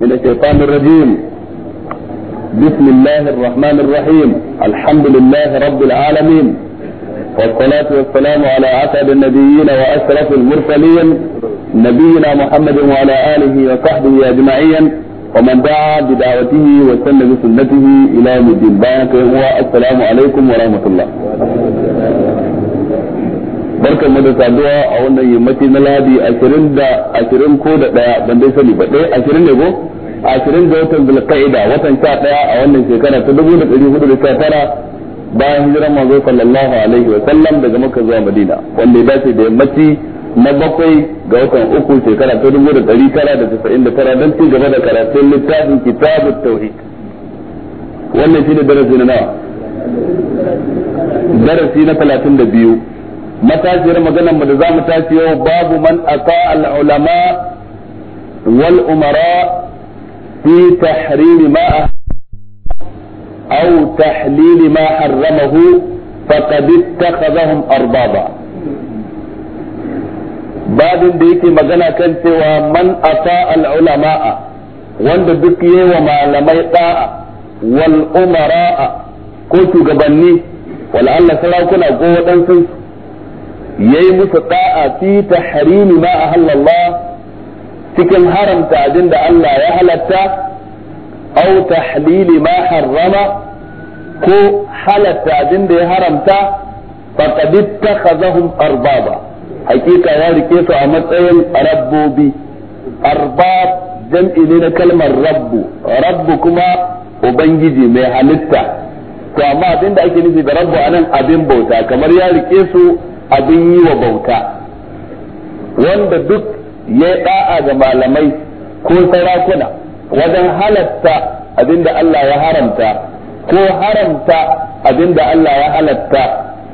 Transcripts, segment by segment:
من الشيطان الرجيم بسم الله الرحمن الرحيم الحمد لله رب العالمين والصلاة والسلام على أسعد النبيين وأشرف المرسلين نبينا محمد وعلى آله وصحبه أجمعين ومن دعا بدعوته وسن بسنته إلى يوم الدين السلام عليكم ورحمة الله barkan mu da أولا a لها yammaci na ladi ashirin da ashirin ashirin da watan zulqa'ida watan sha daya a wannan shekara ta dubu da ɗari hudu da sha tara bayan hijiran manzo sallallahu alaihi wa sallam daga makka zuwa madina wanda ya dace da yammaci na bakwai ga watan uku shekara ta dubu da ɗari tara da tasa'in da tara don ci gaba da karatun littafin kitabu tauhid wannan shine darasi na nawa darasi na talatin da biyu matashiyar maganar mu da za mu tashi yau babu man ata al ulama wal umara في تحريم ما أو تحليل ما حرمه فقد اتخذهم أربابا babin da yake magana kan cewa man ata al-ulama'a wanda duk yi wa malamai da'a wal umara'a ko shugabanni wal Allah sarakuna ko waɗansu yayi musu da'a fi tahrimi ma ahallallah cikin haramta abin da Allah ya halatta au tahlili ma harrama ko halatta abin da ya haramta faqad ittakhadhahum arbaba hakika ya rike su a matsayin rabbobi arbab jam'i ne na kalmar rabbu rabbu kuma ubangiji mai halitta to amma abin da ake nufi da rabbu anan abin bauta kamar ya rike su abin yi wa bauta wanda duk ya da'a ga malamai ko sarakuna wajen halatta abinda Allah ya haramta ko haramta abinda Allah ya halatta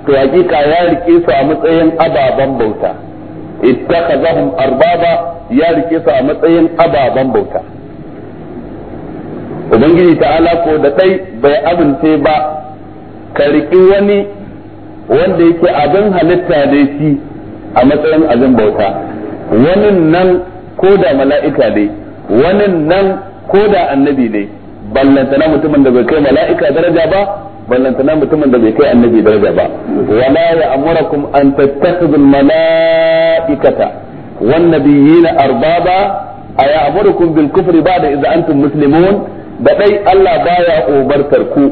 to hakika ya rike su a matsayin ababen bauta ittakhazahum arbaba ya rike su a matsayin ababen bauta ubangiji ta'ala ko da dai bai amince ba ka riƙi wani wanda yake abin halitta da shi a matsayin abin bauta wani nan ko da mala'ika ne wani nan ko da annabi ne ballantana mutumin da bai kai mala'ika daraja ba ballantana mutumin da bai kai annabi daraja ba wala ya amura kuma an tattakhidhu mala'ikata wannabi wan nabiyina arbaba aya amurukum bil kufri ba'da idza antum muslimun da dai Allah baya ubartar ku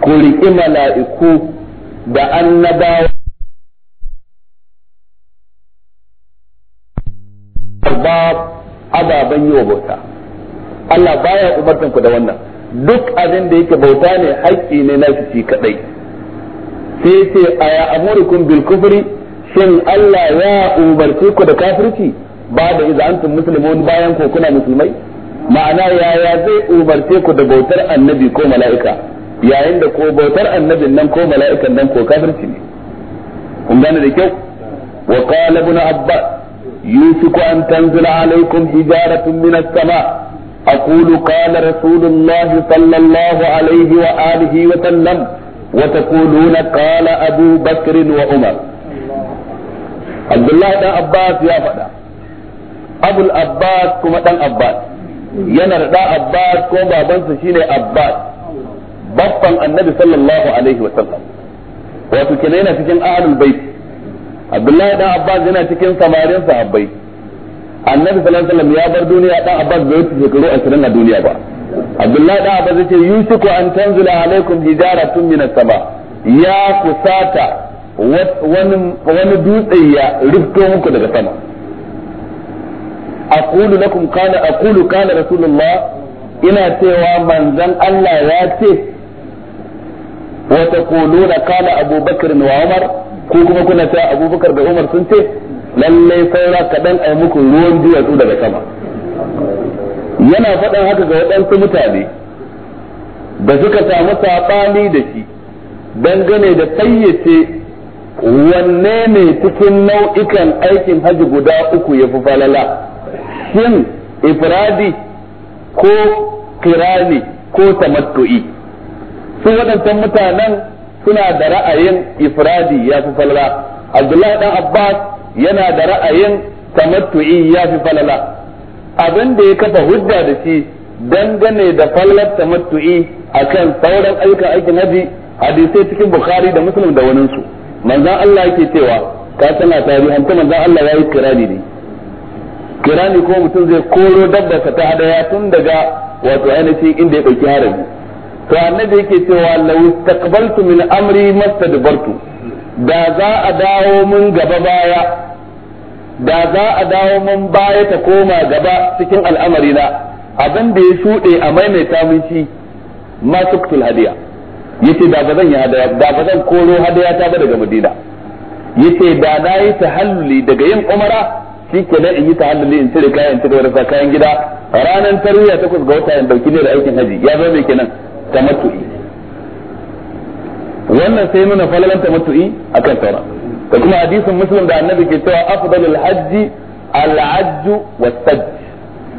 ku riƙi mala'iku da annabawa ababen yi wa bauta Allah baya umartan ku da wannan duk abin da yake bauta ne haƙƙi ne na shi kadai sai ce aya amurikun bil kufri shin Allah ya umarci ku da kafirci ba da idan antum muslimun bayan ko kuna musulmai ma'ana yaya zai umarce ku da bautar annabi ko mala'ika yayin da ko bautar annabin nan ko mala'ikan nan ko kafirci ne kun gane da kyau wa qala ibn abbas يوشك أن تنزل عليكم حجارة من السماء أقول قال رسول الله صلى الله عليه وآله وسلم وتقولون قال أبو بكر وعمر عبد الله بن عباس يا فدا أبو العباس كما دان عباس yana da Abbas ko babansa shine Abbas babban annabi sallallahu alaihi wasallam wato kenan yana cikin ahlul bait abdullahi dan abbas yana cikin samarin sahabbai annabi sallallahu alaihi wasallam ya bar duniya dan abbas bai wuce shekaru 20 a duniya ba abdullahi dan abbas yace yusiku an tanzila alaikum hijaratun minas sama ya kusata wani wani dutse ya rifto muku daga sama aqulu lakum kana aqulu kana rasulullah ina cewa manzon Allah ya ce wa taquluna kana abubakar wa umar ko kuma kuna cewa abubakar da umar sun ce lallai saura kaɗan a muku ruwan duwatsu daga sama yana faɗan haka ga waɗansu mutane da suka samu saɓani da shi dangane da fayyace wanne ne cikin nau'ikan aikin haji guda uku ya fi falala shin ifradi ko kirani ko tamattu'i su waɗancan mutanen suna da ra'ayin ifradi ya fi falala abdullahi dan abbas yana da ra'ayin tamattu'i ya fi falala abin da ya kafa hujja da shi dangane da falalar tamattu'i akan sauran ayyukan aikin haji hadisai cikin bukhari da muslim da su manzon Allah yake cewa ka sana tarihan ta manzon Allah yayi kirani ne kirani ko mutum zai koro dabba ta hadaya tun daga wato ainihin inda ya dauki harabi to annabi yake cewa law istaqbaltu min amri mastadbartu da za a dawo mun gaba baya da za a dawo mun baya ta koma gaba cikin al'amari na abin da ya shuɗe a maimaita mun shi ma suktul hadiya yace da ba zan yi hadaya da ba zan koro hadaya ta ba daga madina yace da na yi tahalluli daga yin umara shi ke da in yi tahalluli in cire kayan cire da kayan gida ranar tarwiya takwas ga wata in dauki ne da aikin haji ya zo mai kenan tamattu'i wannan sai nuna falalan tamattu'i akan saura da kuma hadisin muslim da annabi ke cewa afdalul hajji al-hajj was-sajj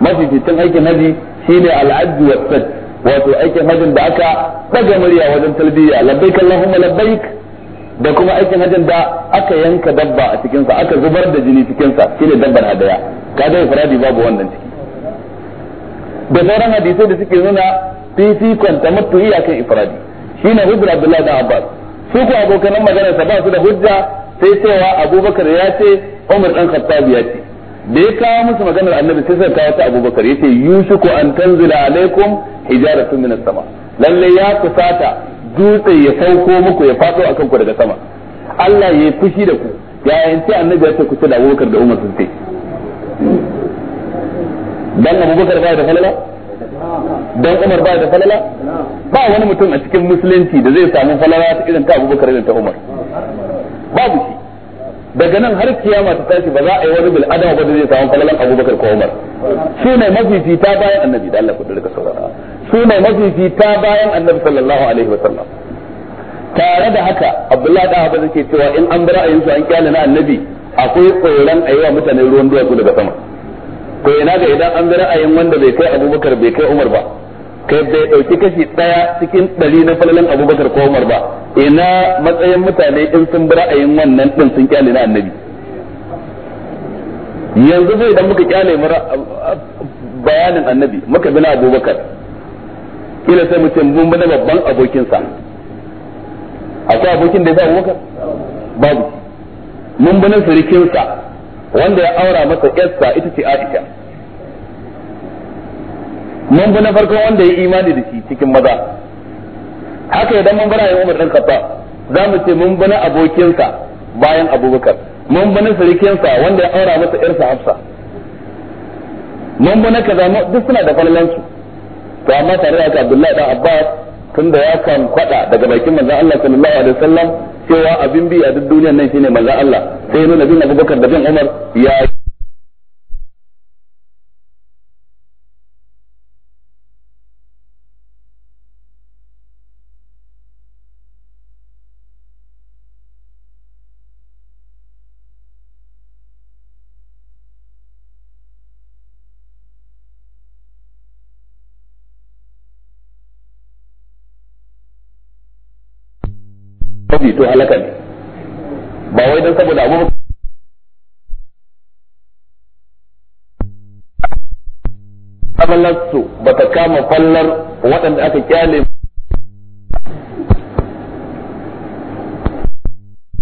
mafi fitin aikin haji shine al-hajj was-sajj wato aikin hajjin da aka daga murya wajen talbiya labbaik allahumma labbaik da kuma aikin hajjin da aka yanka dabba a cikin sa aka zubar da jini cikin sa shine dabbar hadaya kaga ifradi babu wannan ciki da sauran hadisai da suke nuna fifikon tamattu iyakan ifradi shine hujjar abdullahi dan abbas su ko abokan maganar sa ba su da hujja sai cewa abubakar ya ce umar dan khattab ya ce da ya kawo musu maganar annabi sai sai kawo ta abubakar yace yushiku an tanzila alaikum hijaratun minas sama lalle ya kusata dutse ya sauko muku ya fado akan ku daga sama Allah ya fushi da ku yayin sai annabi ya ce ku da abubakar da umar sun ce dan abubakar ba da falala don Umar ba da falala ba wani mutum a cikin musulunci da zai samu falala ta irin ta Abubakar da ta Umar babu shi daga nan har kiyama ta tashi ba za a yi wani bil adam ba da zai samu falalan Abubakar ko Umar su ne mafifita bayan Annabi da Allah ku rika saurara su ne mafifita bayan Annabi sallallahu alaihi wa sallam tare da haka Abdullahi da Abu zai cewa in an bar ayinsu an kyale na Annabi akwai tsoron a yi wa mutane ruwan duwatsu daga sama ko yana ga idan an zara ra'ayin wanda bai kai abubakar bai kai umar ba kai bai dauki kashi daya cikin dari na falalan abubakar ko umar ba ina matsayin mutane in sun bi ra'ayin wannan din sun kyale na annabi yanzu zai idan muka kyale bayanin annabi muka bi na abubakar kila sai mu ce mun bi na babban abokinsa akwai abokin da ya sa abubakar babu mun bi na surikinsa wanda ya aura masa yarsa ita ce Aisha mun bi na farko wanda ya imani da shi cikin maza haka idan mun bara Umar dan Khattab za mu ce mun bi abokinsa bayan Abubakar mun bi na wanda ya aura masa yarsa Hafsa mun bi na kaza duk suna da falalansu to amma tare da Abdullahi dan Abbas tunda ya kan kwada daga bakin manzon Allah sallallahu alaihi wasallam cewa abin bi a duk duniyar nan shine manzon Allah sai nuna bin Abubakar da bin Umar ya faɗi to halaka ne ba wai don saboda abu su ba ta kama fallar waɗanda aka kyale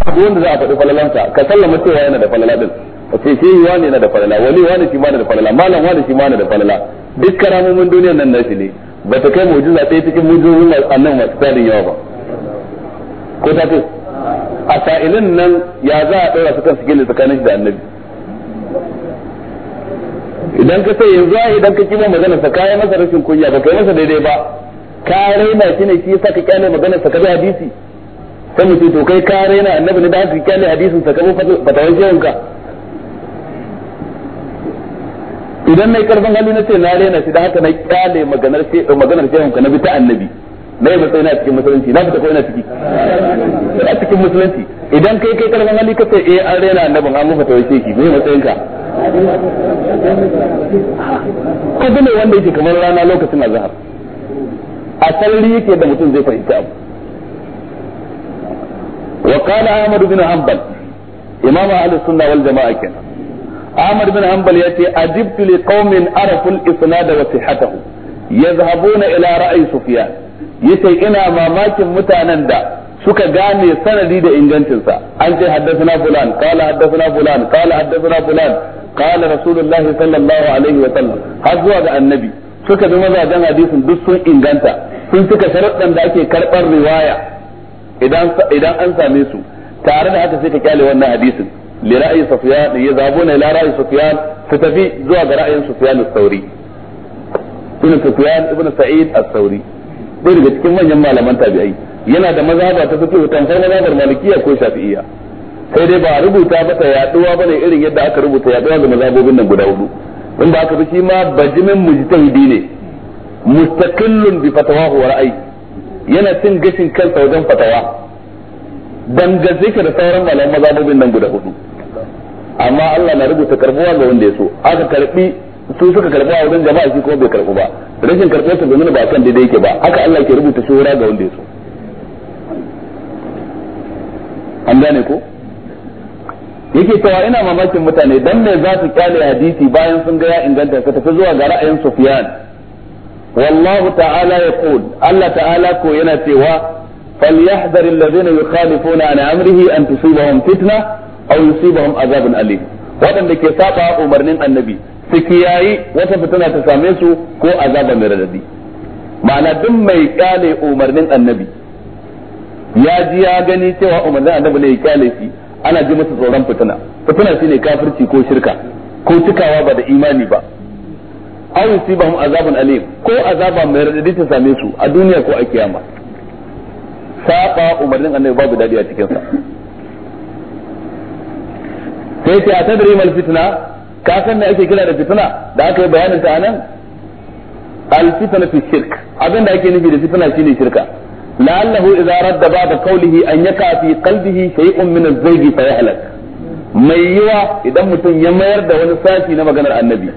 duk wanda za a faɗi falalanta ka sallama cewa yana da falala din a ce shi wani yana da falala wani wani shi mana da falala malam wani shi mana da falala duk karamomin duniyar nan nashi ne ba ta kai mu'jiza sai cikin mu'jizozin annabi masu tsarin yawa ba ko ta ce a sa'ilin nan ya za a ɗora su kan su gele tsakanin shi da annabi idan ka sai yanzu ai idan ka kima magana sa kayan masa rashin kunya ba kai masa daidai ba ka raina shi ne shi sa ka kyale magana sa kabi hadisi sai mutum to kai ka raina annabi ne da haka kyale hadisin sa kabi fatawan yanka idan na yi karfin hali na ce na rena shi da haka na kyale maganar maganar na bi ta annabi na mai matsayi na cikin musulunci na fita ko ina ciki a cikin musulunci idan kai kai karfin hali ka sai eh an rena annabin an mufa tawaye ki mai matsayin ka ko ne wanda yake kamar rana lokacin azhar a sarri yake da mutum zai fahimta abu wa qala ahmad bin hanbal imam ahlus sunna wal jamaa kenan ahmad bin hanbal yace ajibtu li qaumin arafu al isnad wa sihhatahu yadhhabuna ila ra'yi sufyan yace ina mamakin mutanen da suka gane sanadi da ingancinsa an ce haddathana fulan qala haddathana fulan qala haddathana fulan qala rasulullahi sallallahu alaihi wa sallam har zuwa ga annabi suka bi mazajen hadisin duk sun inganta sun suka sharuɗan da ake karɓar riwaya idan idan an same su tare da haka sai ka kyale wannan hadisin li ra'ayi sufyan ya zabo ne la ra'ayi sufyan su tafi zuwa ga ra'ayin sufyan as-sauri ibn sufyan ibn sa'id as-sauri ɗaya daga cikin manyan malaman tabi'ai yana da mazhaba ta fito tan har mazhabar malikiya ko shafi'iyya sai dai ba a rubuta mata yaduwa bane irin yadda aka rubuta yaduwa ga mazhabobin nan guda hudu in ba aka bi ma bajimin mujtahidi ne mustaqillun bi fatawahu wa ra'ayi yana cin gashin kansa wajen fatawa dangantaka ka da sauran malaman mazhabobin nan guda hudu amma Allah na rubuta karbuwa ga wanda ya so aka karbi su suka karɓa a wajen jama'a shi kuma bai karɓi ba rashin karɓar sa domin ba san daidai yake ba haka Allah ke rubuta shura ga wanda ya so an gane ko yake cewa ina mamakin mutane dan me za su kyale hadisi bayan sun ga ya inganta ka tafi zuwa ga ra'ayin Sufyan wallahu ta'ala yaqul Allah ta'ala ko yana cewa falyahdhar alladhina yukhalifuna an amrihi an tusibahum fitna aw yusibahum azabun alim waɗanda ke saba umarnin annabi su kiyayi wata fitina ta same su ko azaba mai radadi ma'ana duk mai kyale umarnin annabi ya ji ya gani cewa umarnin annabi ne ya kyale shi ana ji masa tsoron fitina fitina shine kafirci ko shirka ko cikawa ba da imani ba aw yusibahum azabun alim ko azaba mai radadi ta same su a duniya ko a kiyama saba umarnin annabi babu dadi a cikin sa sai ta a tadri mal fitna ka san me ake kira da fitina da aka yi bayanin ta nan al-fitna fi shirk abin da ake nufi da fitina shine shirka la'allahu idza radda ba'da qawlihi an yaka fi qalbihi shay'un min az fa yahlak mai yiwa idan mutum ya mayar da wani sashi na maganar annabi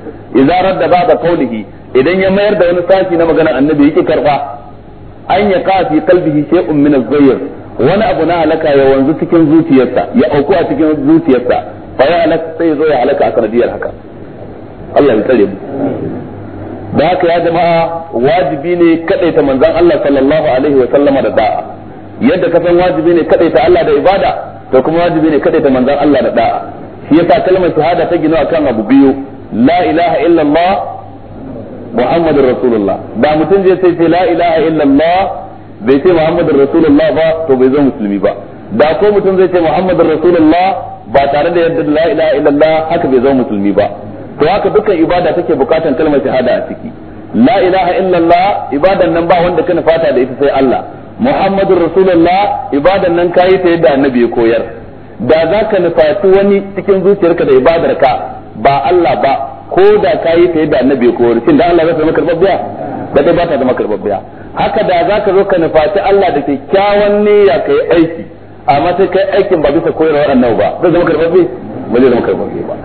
idza radda ba'da qawlihi idan ya mayar da wani sashi na maganar annabi yake karfa an yaka fi qalbihi shay'un min az wani abu na halaka ya wanzu cikin zuciyarsa ya auku a cikin zuciyarsa fa ya halaka sai zo ya halaka a sanadiyar haka Allah ya tsare mu da haka ya jama'a wajibi ne kadaita manzon Allah sallallahu alaihi wa sallama da da'a yadda ka san wajibi ne kadaita Allah da ibada to kuma wajibi ne kadaita manzon Allah da da'a shi yasa kalmar shahada ta gina akan abu biyu la ilaha illallah muhammadur rasulullah da mutum zai sai la ilaha illallah bai sai muhammadur rasulullah ba to bai zo musulmi ba da ko mutum zai ce muhammadur rasulullah ba tare da yadda la ilaha illallah haka bai zama musulmi ba to haka dukkan ibada take bukatan kalmar shahada a ciki la ilaha illallah ibadan nan ba wanda kana fata da ita sai Allah muhammadur rasulullah ibadan nan kayi ta yadda annabi ya koyar da za ka nufaci wani cikin zuciyarka da ka ba Allah ba ko da kayi ta yadda annabi ya koyar shin da Allah zai zama karbabbiya da dai ba ta zama karbabbiya haka da za ka zo ka nufaci Allah da kyakkyawan niyya kai aiki amma sai kai aikin ba bisa koyarwar annabi ba zai zama karfafe ba zai zama karfafe ba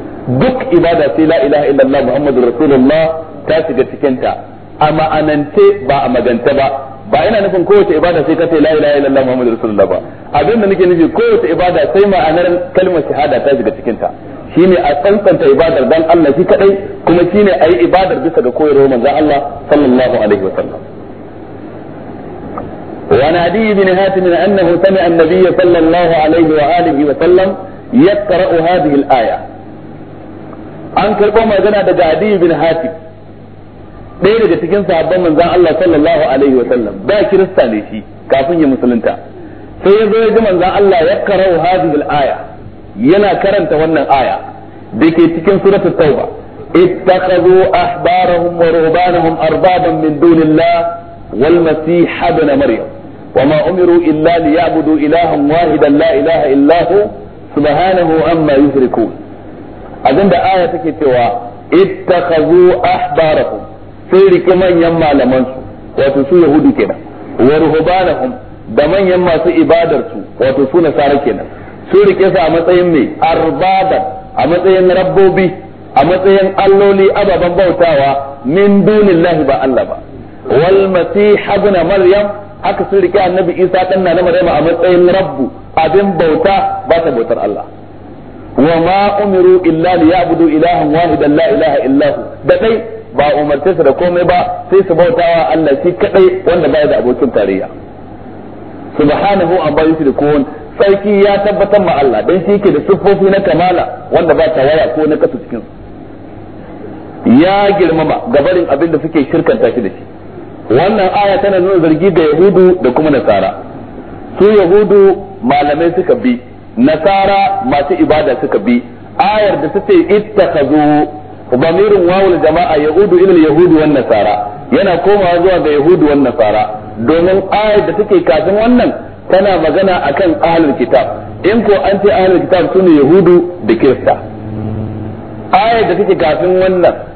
duk ibada sai la ilaha illallah muhammadur rasulullah ta shiga cikin ta a ma'anance ba a maganta ba ba ina nufin kowace ibada sai ka ce la ilaha illallah muhammadur rasulullah ba abinda nake nufi kowace ibada sai ma'anar kalmar shahada ta shiga cikin ta shine a tsantsanta ibadar dan Allah shi kadai kuma shine ayi ibadar bisa ga koyarwar manzon Allah sallallahu alaihi wasallam وعن عدي بن هاتم أنه سمع النبي صلى الله عليه وآله وسلم يقرأ هذه الآية an karɓo magana daga Adiyu bin Hatim ɗaya daga cikin sahabban manzan Allah sallallahu alaihi wa sallam ba kirista ne shi kafin ya musulunta sai ya zo ya ji manzon Allah ya karau hadhihi al-aya yana karanta wannan aya da ke cikin suratul tauba ittakhadhu ahbarahum wa ruhbanahum arbaban min dunillah wal masih ibn maryam وما أمروا إلا ليعبدوا إلها واحدا لا إله إلا هو سبحانه عما يشركون أجند آية تكتوى اتخذوا أحبارهم سيرك من يما لمنسو وتسو يهودي كنا ورهبانهم da manyan masu ibadarsu wato su nasara kenan Su riƙe sa a matsayin mai arbaban a matsayin rabbobi a matsayin alloli ababen bautawa min dunillahi ba Allah ba maryam aka sun rike annabi isa dan na maryama a matsayin rabbu abin bauta ba ta bautar Allah wa ma umiru illa liya'budu ilahan wahidan la ilaha illa hu da dai ba umarce su da komai ba sai su bautawa Allah shi kadai wanda baya da abokin tarayya subhanahu amma kowani sarki ya tabbatar ma Allah dan shi yake da siffofi na kamala wanda ba ta waya ko na kasu cikin ya girmama gabarin abin da suke shirkanta shi da shi wannan aya tana nuna zargi da yahudu da kuma nasara su yahudu malamai suka bi nasara masu ibada suka bi ayar da suke ittakhazu bamirin wawul jama'a yahudu ila yahudu wan nasara yana komawa zuwa ga yahudu wan nasara domin ayar da take kafin wannan tana magana akan ahlul kitab in ko an ce ahlul kitab sune yahudu da kirista ayar da take kafin wannan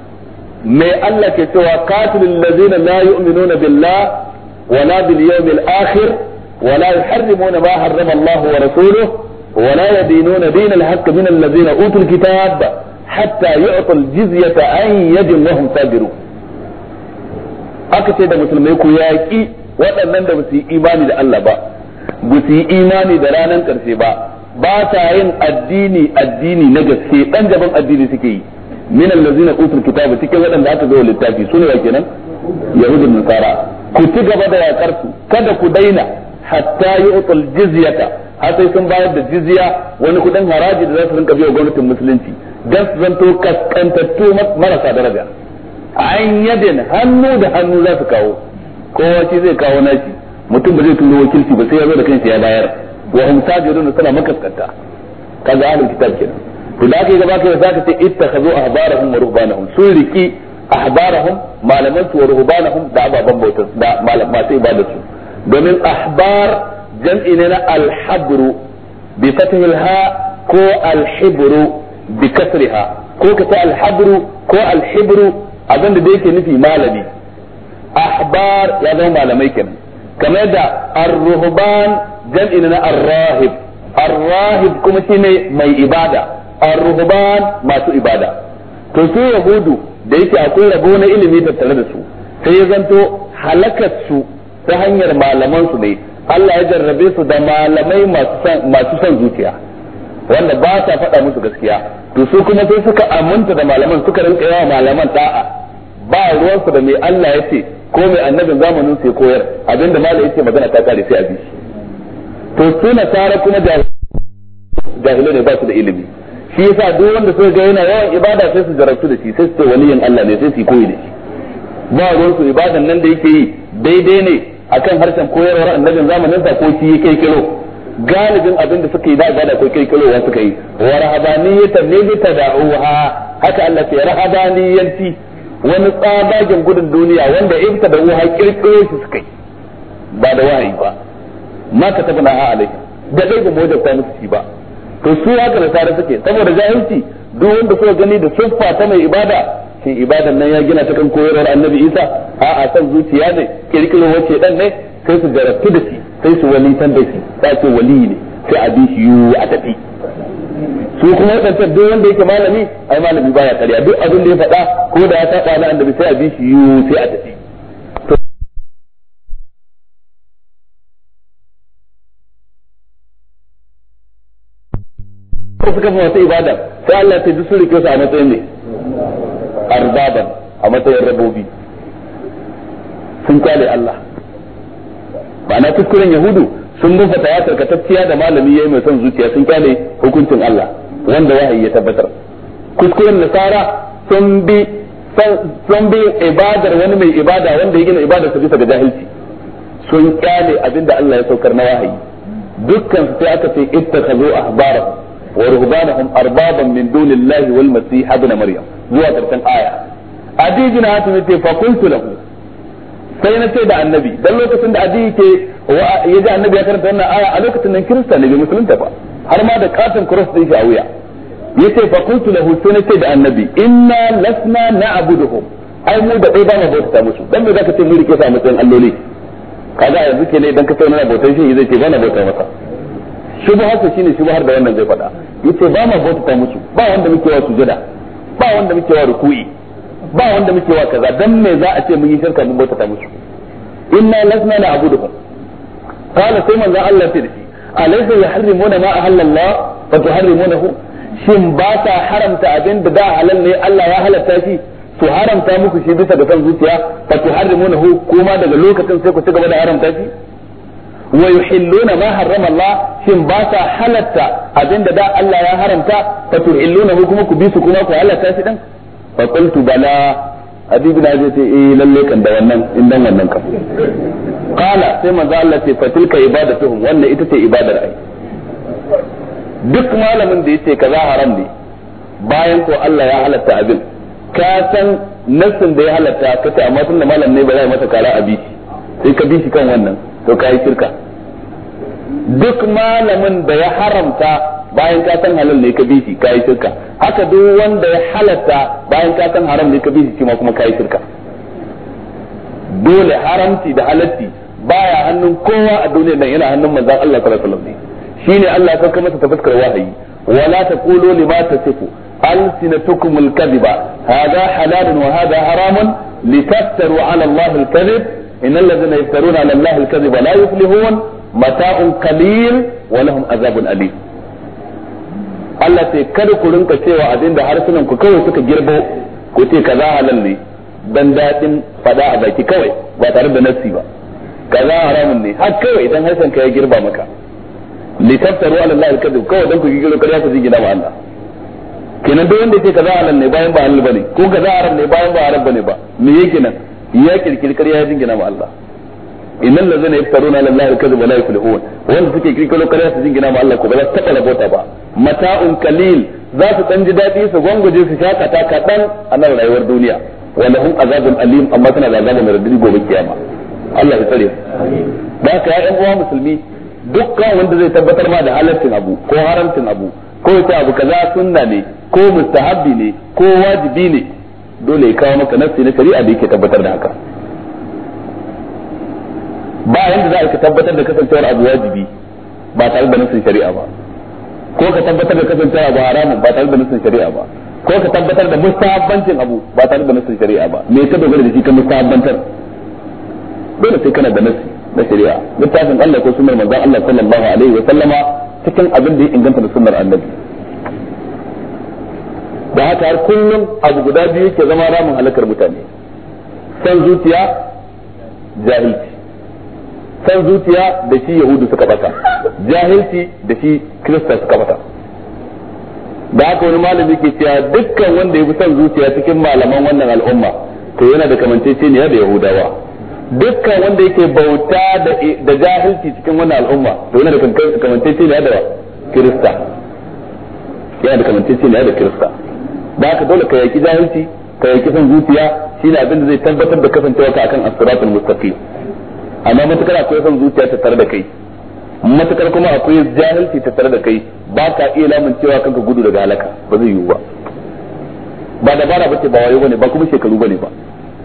mai Allah ke cewa qatilul ladzina la na billah wala bil yawmil akhir wala yuharrimuna ma harrama Allah wa rasuluhu ولا يدينون دين الحق من الذين اوتوا الكتاب حتى يعطوا الجزية عن يد وهم صابرون aka ce da musulmai ku yaƙi waɗannan da su yi imani da Allah ba ba su yi imani da ranar ƙarshe ba ba ta yin addini addini na gaske ɗan jaban addini suke yi min allazina utul kitaba zo littafi sune wa kenan ku ci gaba da yakar su kada ku daina hatta yu'tul har sai sun bayar da jizya wani kudin haraji da za su rinka biya gwamnatin musulunci dan su zanto kaskantattu marasa daraja an yadin hannu da hannu za su kawo zai kawo nashi mutum ba turo wakilci ba sai ya zo da ya bayar wa hum sajidun to da aka yi gaba kai zaka ce ittakhadhu ahbarahum wa ruhbanahum sun riki ahbarahum malaman su wa ruhbanahum da ababan bautar da malaman masu ibada su domin ahbar jam'i ne na alhabru bi fathi ha ko alhibru bi kasriha ko ka ce alhabru ko alhibru abinda da yake nufi malami ahbar ya zama malamai kenan kamar da ar-ruhban jam'i ne na ar-rahib ar-rahib kuma shine mai ibada ar-ruhban masu ibada to su yahudu da yake akwai rabo na ilimi tattare da su sai ya zanto halakar su ta hanyar malaman su ne Allah ya jarrabe su da malamai masu son zuciya wanda ba sa faɗa musu gaskiya to su kuma sai suka aminta da malaman suka rinka yawa malaman ta'a ba ruwansu da mai Allah ya ce ko mai annabin zamanin sai koyar abinda malai yace magana ta kare sai a bi to su nasara kuma jahilai ne ba su da ilimi shi yasa duk wanda suka ga yana yawan ibada sai su jarabtu da shi sai su ce waliyin Allah ne sai su koyi da shi ba ruwan su ibadan nan da yake yi daidai ne akan harshen koyarwar annabin zamanin sa ko shi kai kiro galibin abin da suka yi da ibada ko kirkirowa suka yi wa rahabaniyatan ne bi tada'uha haka Allah ya rahabaniyanti wani tsabagen gudun duniya wanda ibta da ruha kirkiro shi suka yi ba da wahayi ba ma ka tabana a alai da dai ba mu da shi ba to su haka nasara suke saboda jahilci duk wanda kuka gani da siffa ta mai ibada shi ibadan nan ya gina ta kan koyarwar annabi isa a san zuciya ne kirkiro wace dan ne sai su jarabtu da shi sai su tan da shi sai wali ne sai a bi shi a tafi su kuma wadancan duk wanda yake malami ai malami baya karya duk abin da ya faɗa ko da ya saba na annabi sai a bi shi sai a tafi ko suka fi wata ibada sai Allah ta ji sun rike su a matsayin ne arbaban a matsayin rabobi sun kwale Allah ba na kuskuren yahudu sun rufa ta ya karkatacciya da malami yayi mai son zuciya sun kwale hukuncin Allah wanda wahayi ya tabbatar kuskuren nasara sun bi sun bi ibadar wani mai ibada wanda ya gina ibadar su bisa ga jahilci sun kyale abinda Allah ya saukar na wahayi dukkan su sai aka ce ittakhadhu ahbarahum wa ruhbanahum arbaban min dunillahi wal masih ibn maryam zuwa karshen aya adi bin hatim yace fa sai na ce da annabi dan lokacin da adi yake ya ji annabi ya karanta wannan aya a lokacin nan kirista ne bai musulunta ba har ma da katin cross din shi a wuya yace fa qultu lahu sai na ce da annabi inna lasna na'buduhum ai mu da dai ba mu bauta musu dan zaka ce mun rike sa alloli kaga yanzu ke ne dan ka sai mana bautar shi zai ce ba bauta masa shubhar ta shine shubhar da wannan zai faɗa yace ba ma bauta musu ba wanda muke wa sujada ba wanda muke wa ruku'i ba wanda muke wa kaza dan me za a ce mun yi shirka mun bauta musu inna lasna la abudukum qala sai manzo Allah ce da shi alaysa yuharrimuna ma ahallallah fa tuharrimunahu shin ba ta haramta abin da da halal ne Allah ya halatta shi to haramta muku shi bisa ga san zuciya fa tuharrimunahu kuma daga lokacin sai ku ci gaba da haramta shi wa yuhilluna ma harrama Allah shin ba sa halatta abinda da Allah ya haramta fa tuhilluna kuma ku bi su kuma ku halatta shi din fa qultu bala habibu na zai ce eh, lalle kan da wannan in qala sai ce fa ita ce duk malamin da yace kaza haram ne bayan ko Allah ya halatta abin ka san nassin da ya halatta ta amma tunda malam ne ba zai masa kara abi sai ka bi shi kan wannan to kai shirka duk malamin da ya haramta bayan ka san halal ne ka bi shi kai shirka haka duk wanda ya halatta bayan ka san haram ne ka bi shi kuma kai shirka dole haramci da halatti baya hannun kowa a duniyar nan yana hannun manzon Allah sallallahu alaihi wasallam ne shine Allah ya sauka masa tafakkar wahayi wala taqulu lima tasifu ألسنتكم الكذب هذا حلال وهذا haramun لتفتروا على الله الكذب innal ladzina yaftaruna ala allahi alkadhiba la yuflihun mata'un qalil wa lahum azabun alim Allah sai kada ku rinka cewa abinda harsunan ku kawai suka girbo ku ce kaza halal ne dan daɗin fada a baki kawai ba tare da nassi ba kaza haramun ne har kawai idan harshen ka ya girba maka litaftaru ala Allah alkadhib kawai dan ku girbo kada ku jingina ma Allah kenan duk wanda yake kaza halal ne bayan ba halal bane ko kaza haram ne bayan ba haram bane ba me yake nan ya kirkiri ƙarya ya jingina ma Allah innal ladzina yaftaruna ala allahi al-kadhiba la yuflihun wanda suke kirkiro karya su jingina ma Allah ko ba za su taɓa bota ba mata'un qalil za su dan ji daɗi su gwangwaje su shakata kaɗan a nan rayuwar duniya wa lahum azabun alim amma suna da azabun raddi gobe kiyama Allah ya tsare da ka ya uwa musulmi dukkan wanda zai tabbatar ma da halaccin abu ko haramcin abu ko ta abu kaza sunna ne ko mustahabbi ne ko wajibi ne dole ya kawo maka nassi na shari'a da yake tabbatar da haka ba yanda za ka tabbatar da kasancewar abu wajibi ba tare da nassin shari'a ba ko ka tabbatar da kasancewar abu haramun ba tare da nassin shari'a ba ko ka tabbatar da mustahabbancin abu ba tare da nassin shari'a ba me ka dogara da shi ka mustahabbantar dole sai kana da nassi na shari'a littafin Allah ko sunnar manzon Allah sallallahu alaihi wa sallama cikin abin da ya inganta da sunnar annabi da haka har kullum abu guda biyu ke zama ramin halakar mutane san zuciya jahilci san zuciya da shi yahudu suka bata jahilci da shi kirista suka bata da haka wani malami ke cewa dukkan wanda ya fi son zuciya cikin malaman wannan al'umma to yana da kamance kamanceceniya da yahudawa dukkan wanda yake bauta da jahilci cikin wannan al'umma to yana da kamanceceniya da kirista yana da kamance kamanceceniya da kirista da haka dole ka yaki jahilci ka yaki son zuciya shi abin da zai tabbatar da kasancewa ka akan asiratul mustaqim amma matukar akwai son zuciya ta tare da kai matukar kuma akwai jahilci ta tare da kai ba ka iya lamun cewa kanka gudu daga halaka ba zai yiwu ba ba bara bace ba wayo bane ba kuma shekaru bane ba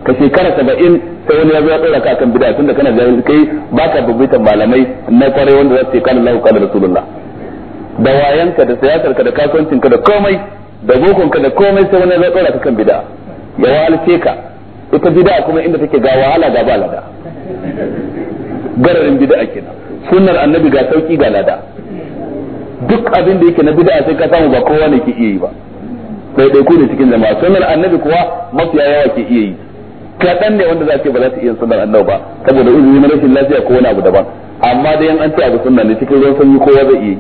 ka shekara saba'in sai wani ya zo ya tsora ka akan bid'a tunda kana jahil kai ba ka babbaitan malamai na kwarai wanda za su ce kana Allahu kana Rasulullah da wayanka da siyasarka da kasuwancinka da komai da bokon ka da komai sai wani zai tsora ka kan bid'a ya wahalce ka ita bid'a kuma inda take ga wahala ga ba lada gararin bid'a kenan sunnar annabi ga sauki ga lada duk abin da yake na bid'a sai ka samu ba kowa ne ke iya yi ba sai dai ku ne cikin jama'a sunnar annabi kuwa mafiya yawa ke iya yi kaɗan ne wanda za ce ba za su iya sunnar annabi ba saboda uzuri na rashin lafiya ko wani abu daban amma dai an ce abu sunna ne cikin ruwan sanyi kowa zai iya yi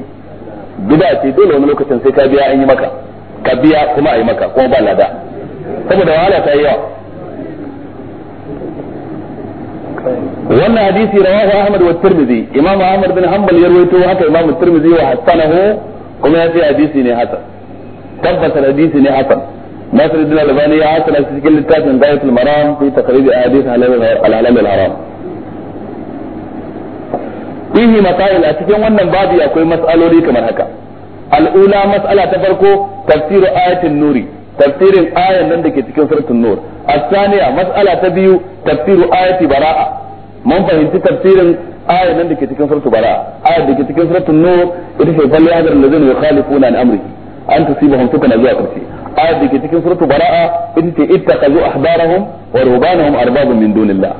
bid'a ce dole wani lokacin sai ka biya an yi maka ka biya kuma a yi maka kuma ba lada saboda wahala ta yi yawa wannan hadisi rawahu ahmad wa tirmidhi imam ahmad bin hanbal ya rawaito haka imam tirmidhi wa hasanahu kuma ya ce hadisi ne hasan tabbata hadisi ne hasan nasiruddin albani ya hasana cikin littafin gayatul maram fi taqrib ahadith al alam al-haram fihi masail a cikin wannan babi akwai mas'aloli kamar haka al'ula mas'ala ta farko تفسير آية النور تفسير آية نندك تكون سورة النور الثانية مسألة تبيو تفسير آية براءة من فهمت تفسير آية نندك تكون سورة براءة آية نندك تكون سورة النور إذا فليحذر الذين يخالفون عن أمره أن تصيبهم فتنة لا تبكي آية نندك تكون سورة براءة إذا اتخذوا أحبارهم ورهبانهم أرباب من دون الله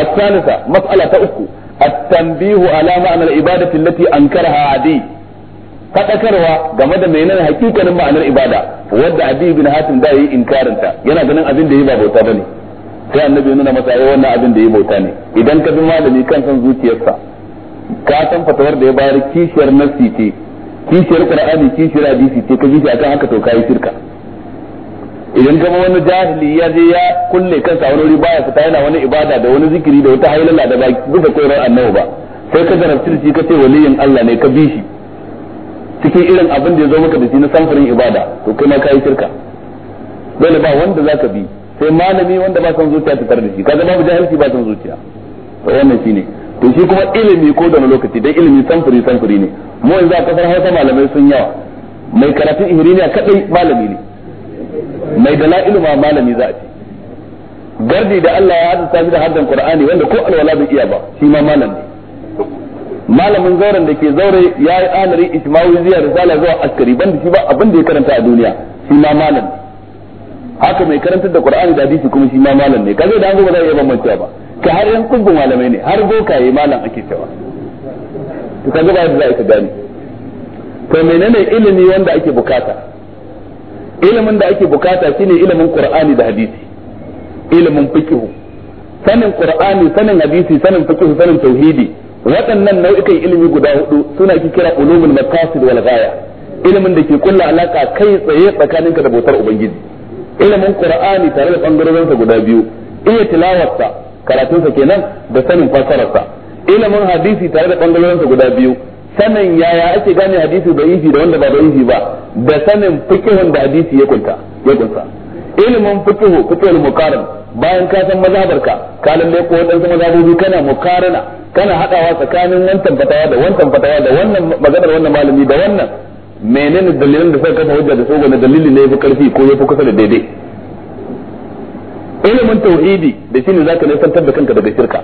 الثالثة مسألة أخو التنبيه على معنى العبادة التي أنكرها عدي fadakarwa game da menene hakikanin ma'anar ibada wadda abi ibn Hatim da yi ta yana ganin abin da yi ba bauta bane sai annabi nuna masa ai wannan abin da yi bauta ne idan ka bi malami kan san zuciyarsa ka san fatawar da ya bayar kishiyar nafsi ce kishiyar qur'ani kishiyar hadisi ce ka ji shi akan haka to kai shirka idan kama wani jahili ya je ya kulle kansa wani wuri baya fita yana wani ibada da wani zikiri da wata hailala da ba duka koyar annabi ba sai ka zarafci shi ka ce waliyin Allah ne ka bi shi cikin irin abin da ya zo maka da shi na samfurin ibada to kai ma ka yi shirka dole ba wanda za ka bi sai malami wanda ba san zuciya ta tare da shi kaga babu jahilci ba san zuciya to wannan shine to shi kuma ilimi ko da lokaci dai ilimi samfuri samfuri ne mu yanzu a kasar Hausa malamai sun yawa mai karatun ihrimiya kadai malami ne mai dala'ilu ma malami za a ce gardi da Allah ya hada da haddan Qur'ani wanda ko alwala bai iya ba shi ma malami ne malamin zauren da ke zaure ya yi anari ismawi ziyar risala zuwa askari ban da shi ba abin da ya karanta a duniya shi ma malam haka mai karantar da qur'ani da hadisi kuma shi ma malam ne kaje da ba za iya bambanta ba ka har yan kubbu malamai ne har bokaye malam ake cewa to kaje ba yadda za ka gani to menene ilimi wanda ake bukata ilimin da ake bukata shine ilimin qur'ani da hadisi ilimin fiqh sanin qur'ani sanin hadisi sanin fiqh sanin tauhidi waɗannan nau'ikan ilimi guda hudu suna ki kira ulumul maqasid wal ghaya ilimin da ke kulla alaka kai tsaye tsakaninka da bautar ubangiji ilimin qur'ani tare da bangarorinsa guda biyu iya tilawarsa karatunsa kenan da sanin fasararsa ilimin hadisi tare da bangarorinsa guda biyu sanin yaya ake gane hadisi da ifi da wanda ba da ba da sanin fikihun da hadisi ya kunta ya ilimin fiqhu fiqhul muqaran bayan ka san mazhabarka ka lalle ko wadansu mazhabobi kana muqarana kana hadawa tsakanin wancan fatawa da wancan fatawa da wannan maganar wannan malami da wannan menene dalilin da suka kafa hujja da su wani dalili ne ya fi karfi ko ya fi kusa da daidai ilimin tauhidi da shine zaka nisantar da kanka daga shirka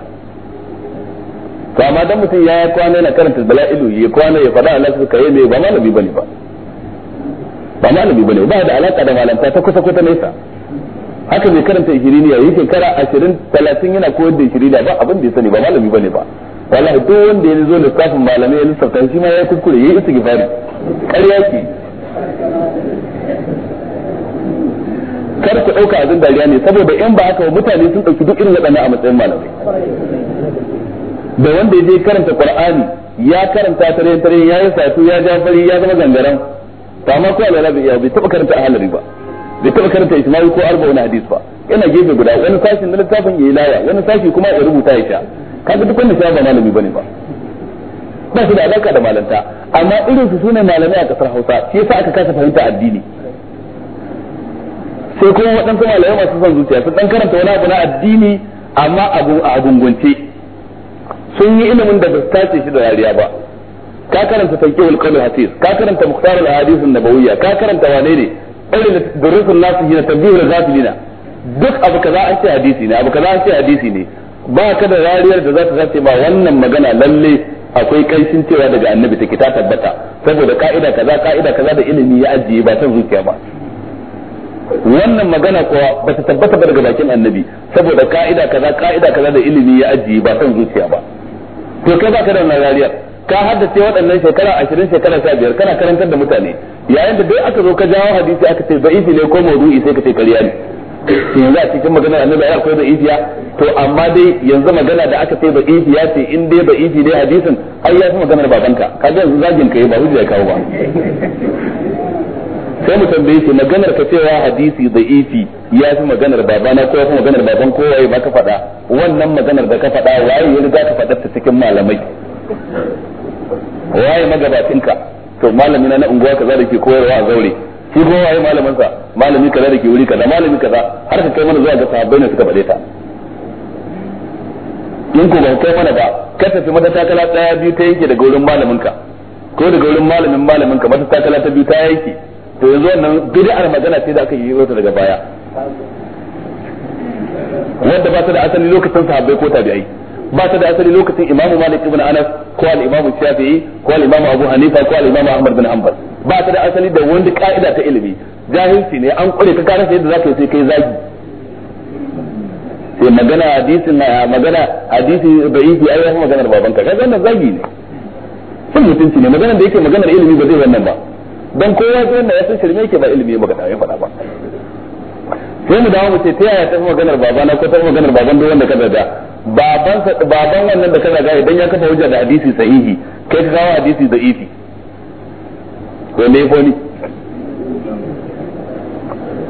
to amma dan mutum ya kwana yana karanta bala'ilu ya kwana ya fada Allah suka yi ne ba malami bane ba ba malami bane ba da alaka da malanta ta kusa ko ta nesa haka mai karanta ishiriniya yi shekara ashirin talatin yana koyar da ishiriniya ba abin da ya sani ba malami bane ba wallahi duk wanda ya zo lissafin malamai ya lissafta shi ma ya kukure ya yi gifari ƙarya ce kar ku ɗauka abin dariya ne saboda in ba haka mutane sun ɗauki duk irin waɗannan a matsayin malamai da wanda ya je karanta qur'ani ya karanta tare tare ya yi satu ya ja fari ya zama gangaren to amma ko alwala bai iya bai taɓa karanta ahlari ba bai taɓa karanta ismail ko wani hadis ba yana gefe guda wani sashi na littafin yayi laya wani sashi kuma ya rubuta ya sha kaga duk wanda ba malami bane ba ba su da alaka da malanta amma irin su sune malamai a kasar Hausa shi yasa aka kasa fahimta addini sai kuma waɗansu malamai masu son zuciya su dan karanta wani abu na addini amma abu a gungunce sun yi ilimin da ba su tace shi da rariya ba ka karanta tanqihul qawl hafiz ka karanta mukhtar al ahadith an nabawiyya ka karanta wane ne irin durusun nasihin tanbihul ghafilina duk abu kaza an ce hadisi ne abu kaza an ce hadisi ne ba ka da rariyar da za ta zace ba wannan magana lalle akwai kaishin cewa daga annabi take ta tabbata saboda ka'ida kaza ka'ida kaza da ilimi ya ajiye ba ta zuciya ba wannan magana kuwa ba ta tabbata ba daga bakin annabi saboda ka'ida kaza ka'ida kaza da ilimi ya ajiye ba ta zuciya ba to kai ba ka da wannan rariyar ka haddace waɗannan shekara ashirin shekara sha biyar kana karantar da mutane yayin da dai aka zo ka jawo hadisi aka ce baifi ne ko maudu'i sai ka ce ƙarya ne yanzu a cikin maganar annabi ya akwai baifiya to amma dai yanzu magana da aka ce baifiya ce in dai da'ifi ne hadisin ai ya fi maganar babanka ka ga yanzu zagin ka yi ba hujja ya kawo ba sai mu tambaye shi maganar ka cewa hadisi da'ifi ya fi maganar babana ko ya fi maganar baban kowaye ba ka faɗa wannan maganar da ka faɗa waye ya riga ka faɗa ta cikin malamai waye magabatinka to malami na unguwa kaza da ke koyarwa a zaure shi ko waye malamin sa malami kaza da ke wuri kaza malami kaza har ka kai mana zuwa ga sahabbai ne suka faɗe ta in ko ba kai mana ba ka tafi mata takala daya biyu ta yake daga wurin malamin ka ko daga wurin malamin malamin ka mata takala ta biyu ta yake to yanzu wannan bid'ar magana ce da aka yi ta daga baya wanda ba ta da asali lokacin sahabbai ko tabi'ai ba ta da asali lokacin imamu malik ibn anas ko al imamu shafi'i ko al imamu abu hanifa ko al imamu ahmad bin hanbal ba ta da asali da wani ka'ida ta ilimi jahilci ne an kure ka karasa yadda zaka yi sai kai zagi sai magana hadisi na magana hadisi da yake ai wani maganar babanka kaga wannan zagi ne sun mutunci ne maganar da yake maganar ilimi ba zai wannan ba dan kowa zai wannan ya san shirme yake ba ilimi ya magana ya faɗa ba sai mu dawo mu ce ta yaya ta fi maganar babana ko ta fi maganar baban duk wanda ka zaga baban baban wannan da ka zaga idan ya kafa hujja da hadisi sahihi kai ka kawo hadisi da ifi ko ne ko ni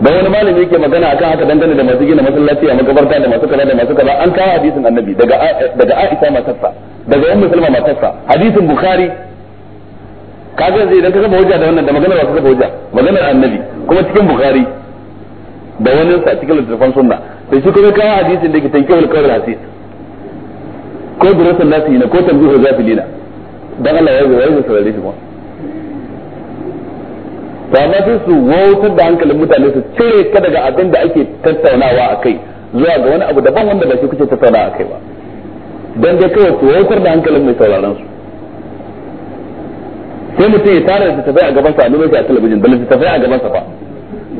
da wani malami yake magana akan haka dangane da masu gina masallaci a makabarta da masu kaza da masu kaza an kawo hadisin annabi daga daga Aisha matarsa daga ummu Salma matarsa hadisin Bukhari kaga zai idan ka kafa hujja da wannan da maganar wasu kafa hujja maganar annabi kuma cikin Bukhari da wani sa cikin littafan sunna sai shi kuma kawo hadisin da ke tankewar kawar hasis ko durusan nasi ne ko tambihu zafilina dan Allah ya zo ya zo sarare shi kuma to amma sai su wautar da hankalin mutane su cire ka daga abin da ake tattaunawa a kai zuwa ga wani abu daban wanda ba shi kuke tattaunawa a kai ba dan dai kawai su wautar da hankalin mai sauraron su sai mutum ya tara da tafai a gaban sa a nuna shi a talabijin da littattafai a gaban sa ba.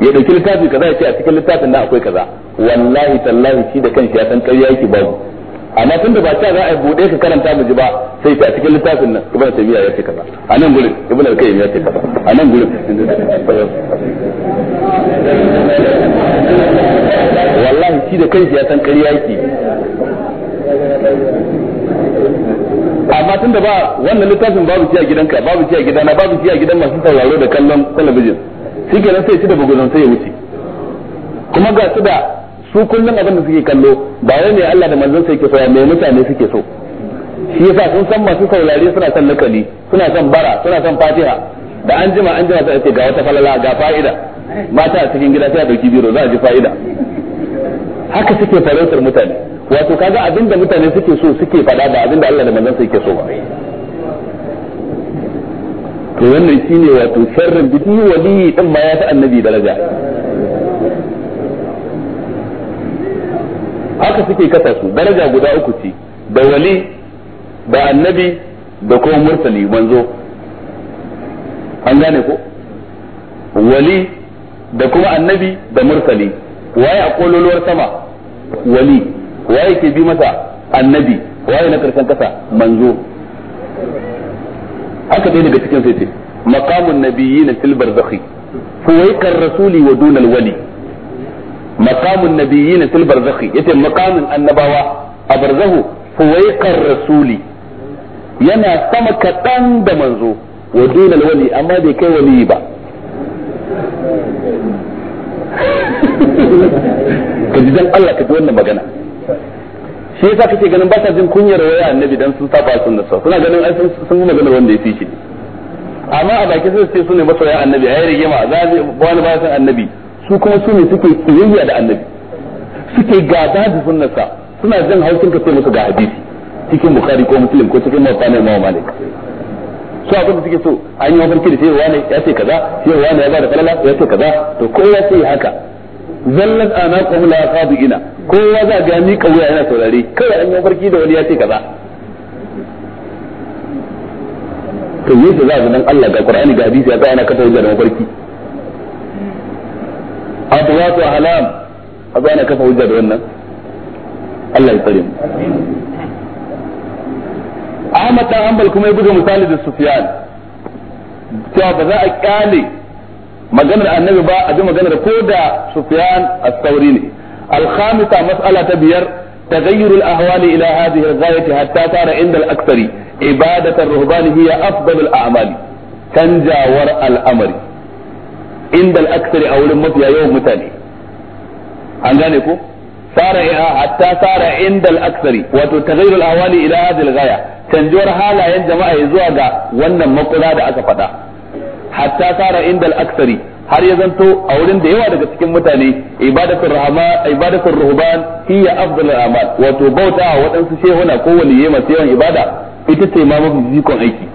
ya dauki littafi kaza ya ce a cikin littafin nan akwai kaza wallahi tallahi shi da kanshi ya san ƙarya yake babu amma tunda ba ta za a bude ka karanta mu ji ba sai ta cikin littafin nan ibnu taymiya ya ce kaza a nan gurin ibnu al-qayyim ya ce kaza a nan gurin wallahi shi da kanshi ya san ƙarya yake amma tunda ba wannan littafin babu shi a gidanka babu shi a gidana babu shi a gidan masu sauraro da kallon talabijin shi kenan sai ci da bugudan sai ya wuce kuma ga su da su kullum abin da suke kallo ba wai ne Allah da manzon sai ke so mai mutane suke so shi yasa sun san masu saurare suna son nakali suna son bara suna son fatiha da an jima an jima sai ce ga wata falala ga fa'ida mata a cikin gida sai a dauki biro za a ji fa'ida haka suke farautar mutane wato kaga abinda mutane suke so suke fada ba abinda Allah da manzon sai ke so ba to wannan shine wato sharrin biki wali din ma ya fi annabi daraja haka suke kasa su daraja guda uku ce da wali da annabi da kuma mursali manzo an gane ko wali da kuma annabi da mursali waye a kololuwar sama wali waye ke bi masa annabi waye na karshen kasa manzo haka dai daga cikin sai ce maqamun fil barzakhi rasuli wa wali maqamun fil barzakhi yace maqamin annabawa a barzahu fuwaikar rasuli yana sama kaɗan da manzo wa dunal wali amma bai kai wali ba ka dan Allah ka ji wannan magana shi yasa kake ganin ba sa jin kunyar waya annabi dan sun saba sunnar sa suna ganin ai sun yi magana wanda ya fi shi amma a baki sai su ce sune masoyan annabi ai rigima za wani ba san annabi su kuma su ne suke kiyayya da annabi suke gada da sunnar sa suna jin haushin ka sai musu ga hadisi cikin bukhari ko muslim ko cikin mawfana ma malik su abin da suke so an yi mafarki da sai ne ya ce kaza cewa ne ya ba da kalala ya ce kaza to ko ya ce haka zallat anaqahum la qadiina kowa za ga ni kauya yana saurare kai an yi barki da wani ya ce kaza to yadda za ga dan Allah ga Qur'ani ga hadisi ya ga ana kafa hujja da mafarki adwatu ahlam a ga ana kafa hujja da wannan Allah ya tsare mu Ahmad dan Hanbal kuma ya buga misali da Sufyan cewa ba za a kyale maganar annabi ba a ji maganar ko da sufyan as-sauri ne al-khamisa mas'ala ta biyar تغير الأهوال إلى هذه الغاية حتى صار عند الأكثر عبادة الرهبان هي أفضل الأعمال تنجا وراء الأمر عند الأكثر أو المطيا يوم متاني أنجانيكو صار حتى صار عند الأكثر وتغير الأهوال إلى هذه الغاية canjuwar halayen jama'a ya zuwa ga wannan makula da aka faɗa hatta tara inda al'aksari har ya zanto a wurin da yawa daga cikin mutane ibadatul rahman ibadatul ruhban hiya afdal amal wato bauta wa wadansu shehuna ko waliyai masu yawan ibada ita ce ma mafi jikon aiki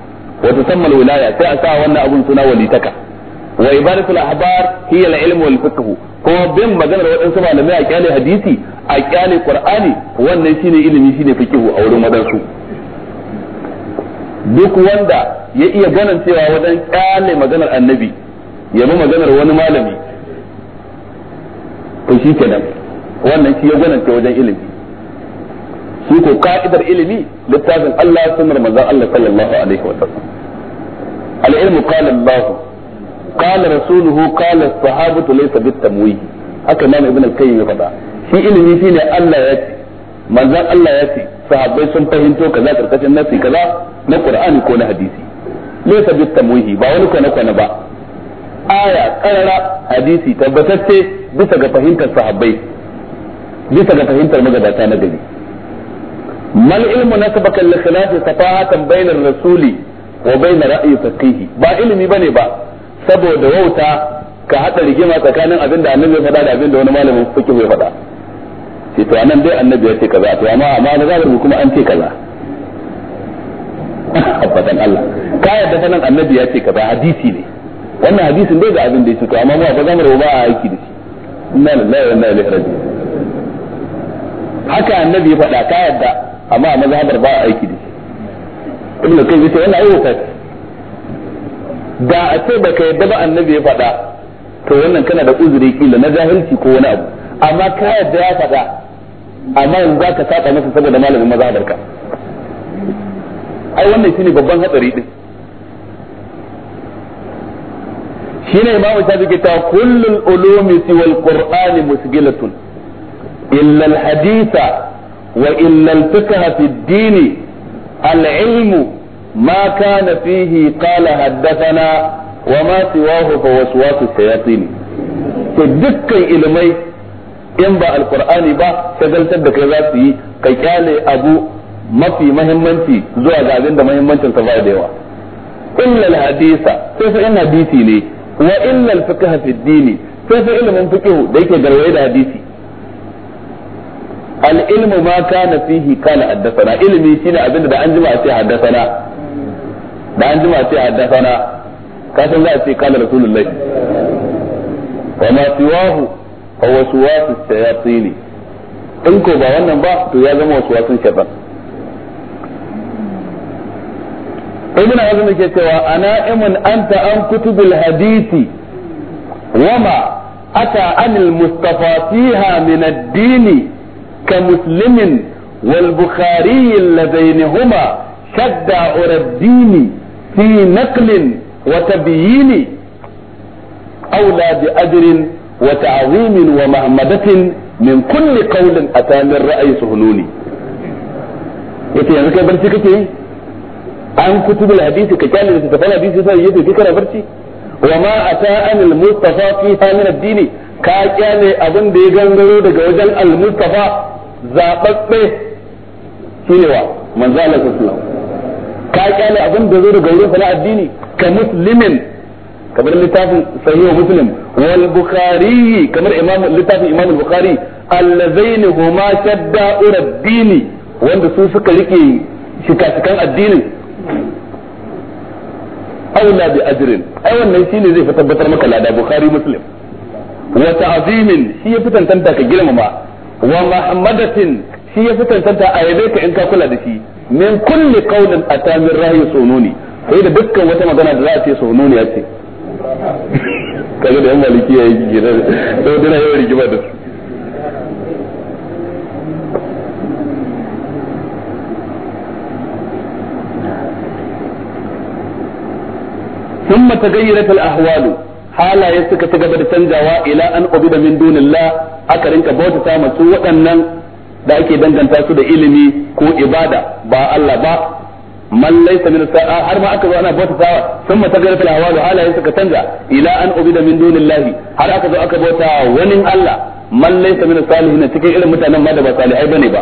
wato sammal wilaya sai a sa wannan abun suna walitaka wa ibadatul ahbar hiya al-ilm wal fiqh ko bin maganar wadansu malamai a kyale hadisi a kyale qur'ani wannan shine ilimi shine fiqh a wurin wadansu duk wanda ya iya ganin cewa wajen kyale maganar annabi ya bi maganar wani malami to shi kenan wannan shi ya gwananta wajen ilimi shi ko ka'idar ilimi littafin Allah sunnar manzon Allah sallallahu alaihi wa sallam al-ilmu qala Allah قال رسوله قال الصحابة ليس بالتمويه haka nan ibn al-qayyim ya faɗa shi ilimi shine Allah ya ce manzon Allah ya ce sahabbai sun fahimto kaza karkashin nasi kaza na Qur'ani ko na hadisi laysa bit tamwihi ba wani kwana kwana ba aya karara hadisi tabbatacce bisa ga fahimtar sahabbai bisa ga fahimtar magabata na gari mal ilmu nasabaka li khilafi safahatan bainar rasuli wa bainar ra'yi faqihi ba ilimi bane ba saboda wauta ka hada rigima tsakanin abin da annabi ya faɗa da abin da wani malamin fiqh ya faɗa sai to anan dai annabi ya ce kaza to amma amma na zalim kuma an ce kaza abadan Allah ka yadda sanan annabi ya ce kaza hadisi ne wannan hadisin dai ga abin da ya to amma ba za mu ba a aiki da shi inna lillahi wa inna ilaihi raji'un haka annabi ya faɗa ka yadda amma a mazhabar ba a aiki da shi ibnu kai yace wannan ayyuka ce da a ce ka yadda ba annabi ya faɗa to wannan kana da uzuri kila na jahilci ko wani abu amma ka yadda ya faɗa amma yanzu zaka saka masa saboda malamin mazhabarka ai wannan shine babban hadari din shine imamu shafi ke ta kullul ulumi siwal qur'ani musgilatun illa al haditha wa illa al fiqh fi ad-din al ilmu ma kana fihi qala haddathana wa ma siwahu fa waswasu shayatin to dukkan ilmai in ba alqur'ani ba shagaltar da kai za su yi ka kyale abu mafi mahimmanci zuwa ga abin da mahimmancin sa ba da yawa illa hadisa haditha sai sai hadisi ne wa illa al-fiqh fi ad-din sai fa ilmin fiqh da yake garwaye da hadisi al-ilmu ma kana fihi kana haddathana ilmi shine abinda da an jima sai haddathana da an jima sai haddathana ka san za a ce kana rasulullahi wa ma siwahu fa waswasu shayatin in ko ba wannan ba to ya zama wasu waswasun shaytan ibn hazm ke cewa ana ana'imun anta an kutubul hadisi wama ata anil mustafa fiha min ad-din ka muslimin wal bukhari ladainihuma shadda ur-din fi naqlin wa tabyini awla bi ajrin wa ta'zimin wa mahmadatin min kulli qawlin ata min ra'yi suhununi yace yanzu kai barci kake yi an kutubul hadisi ka kyale da tafana hadisi sai yake kika kana barci wa ma ata anil mustafa fi min addini dini ka kyale abin da ya gangaro daga wajen al mustafa zababbe shine wa manzo Allah sallallahu ka kyale abin da zo daga wurin fara addini ka muslimin kamar littafin sahihu muslim wal bukhari kamar imam littafin imam bukhari huma shadda wanda su suka rike shikasikan addinin aula bi ajrin ai wannan shine zai fi tabbatar maka lada bukhari muslim wa ta'zimin shi ya shi ya a yabe in ka kula da shi min kulli qawlin atamin rahi sai da dukkan wata magana da za a ce sununi thumma taghayyarat al-ahwalu halaye suka ta gaba da canjawa ila an ubida min dunillah aka rinka bauta ta su waɗannan da ake danganta su da ilimi ko ibada ba Allah ba man laysa min sa'a har ma aka zo ana bauta ta thumma taghayyarat al-ahwalu halaye suka canja ila an ubida min dunillah har aka zo aka bauta wani Allah man laysa min salihin cikin irin mutanen ma da ba salihai bane ba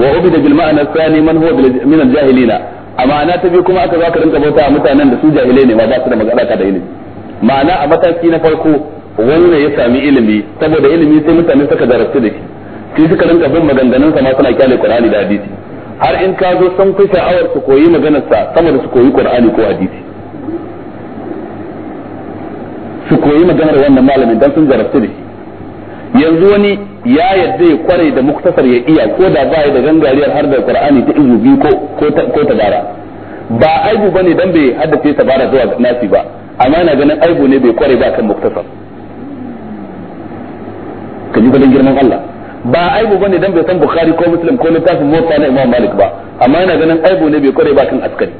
wa ubida bil ma'ana thani man huwa min al-jahilina amana ta biyu kuma aka za ka rinka bauta a mutanen da su jahilai ne ma ba su da magana da ilimi ma'ana a mataki na farko wannan ya sami ilimi saboda ilimi sai mutane suka zarafta da shi sai suka rinka bin maganganun sa ma suna kyale qur'ani da hadisi har in ka zo sun fi sha'awar su koyi maganar sa sama da su koyi qur'ani ko hadisi su koyi maganar wannan malamin dan sun zarafta da shi yanzu wani ya yadda ya kware da muktasar ya iya ko da ba ya da gangariyar har da qur'ani ta izu bi ko ko dara ba aibu bane dan bai haddace bara zuwa nasi ba amma na ganin aibu ne bai kware ba kan muktasar ka ji ganin girman Allah ba aibu bane dan bai san bukhari ko muslim ko littafin mota na imam malik ba amma na ganin aibu ne bai kware ba kan askari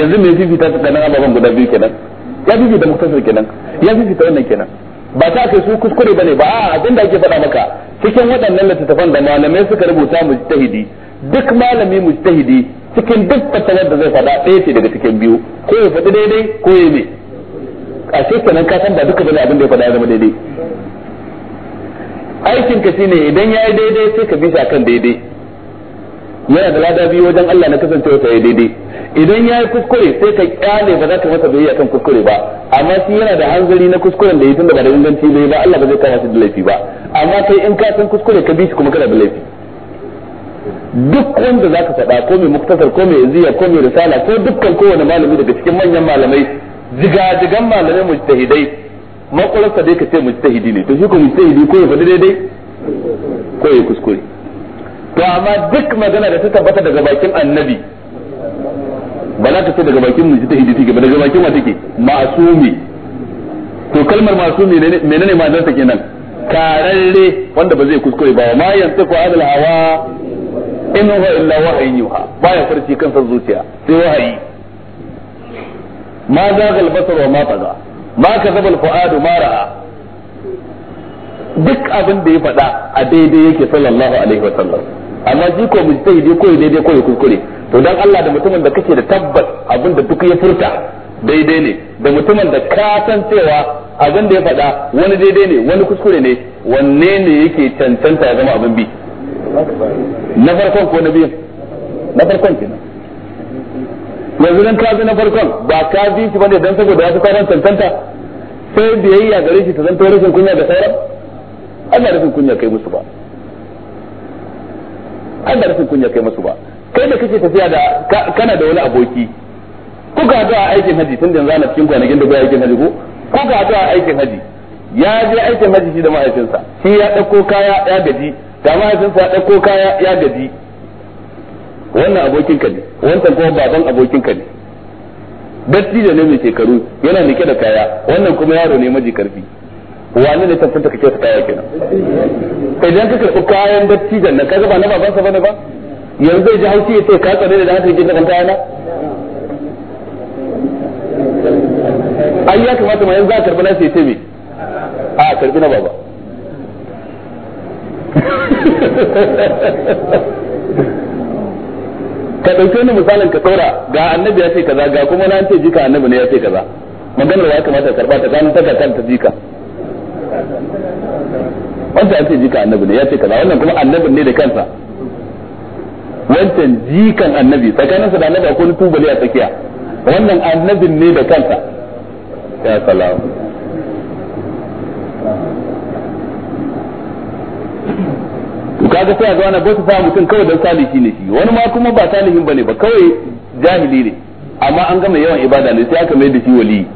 yanzu me fifita tsakanin ababen guda biyu kenan ya fifita muktasar kenan ya fifita wannan kenan ba ta kai su kuskure bane ba a abin da ake faɗa maka cikin waɗannan littattafan da malamai suka rubuta mujtahidi duk malami mujtahidi cikin duk fatawar da zai faɗa ɗaya ce daga cikin biyu ko ya faɗi daidai ko ya ne a kenan ka san ba duka bane abin da ya faɗa zama daidai aikin ka shine idan yi daidai sai ka bi shi akan daidai yana da lada biyu wajen Allah na kasancewa ta daidai idan ya yi kuskure sai ka kyale ba za ka masa biyayya kan kuskure ba amma shi yana da hanzari na kuskuren da yi tun da ba da inganci bai ba Allah ba zai kama shi da laifi ba amma kai in ka san kuskure ka bi shi kuma kana da laifi duk wanda za ka faɗa ko mai muktasar ko mai ziya ko mai risala ko dukkan kowane malami daga cikin manyan malamai jigajigan malamai mujtahidai makwalarsa dai ka ce mujtahidi ne to shi ko mujtahidi ko ya faɗi daidai ko ya kuskure to amma duk magana da ta tabbata daga bakin annabi ba za ta ce daga bakin mu ta hidi take ba daga bakin wa take masumi to kalmar masumi menene ma'anar ta kenan kararre wanda ba zai kuskure ba ma yanzu ko adal hawa in huwa illa wahayin yuha baya farci kansa zuciya sai wahayi ma zagal basar wa ma faga ma kazaba al fuadu ma ra'a duk abin da ya faɗa a daidai yake sallallahu alaihi wa sallam amma ji ko mujtahidi ko daidai ko kuskure to dan Allah da mutumin da kake da tabbas abin da duk ya furta daidai ne da mutumin da ka san cewa abin da ya faɗa wani daidai ne wani kuskure ne wanne ne yake cancanta ya zama abin bi na farkon ko na biyu na farkon kenan yanzu dan ka bi na farkon ba ka bi shi bane dan saboda ya fi sauran cancanta sai biyayya gare shi ta zanto rashin kunya da sauran Allah rashin kunya kai musu ba an ba rashin kunya kai musu ba kai da kake tafiya da kana da wani aboki ko ga da aikin haji tun da yanzu ana cikin kwanakin da aikin haji ko ko ga da aikin haji ya je aikin haji shi da mahaifinsa shi ya ɗauko kaya ya gaji da mahaifinsa ya ɗauko kaya ya gaji wannan abokin ka ne wancan kuma baban abokin ka ne dattijo ne mai shekaru yana nike da kaya wannan kuma yaro ne maji karfi wani ne tafi ka ta kaya kenan idan ka karɓi kayan da na kaga ba na babansa bane ba yanzu zai ji haushi ya ce ka tsare da haka yake da kanta yana ai ya kamata ma yanzu za a karɓi nasa ya ce a karɓi na baba ka ɗauki ni misalin ka tsora ga annabi ya ce kaza ga kuma na ce jika annabi ne ya ce kaza maganar ya kamata karɓa ta gani ta ta jika wanda an ce jika annabi ne ya ce kaza wannan kuma annabin ne da kansa wancan jikan annabi tsakaninsa da annabi akwai tubali a tsakiya wannan annabin ne da kansa ya salamu kaga sai ga wannan bai sa mutum kawai dan salihi ne shi wani ma kuma ba salihin bane ba kawai jahili ne amma an gama yawan ibada ne sai aka mai da shi waliyi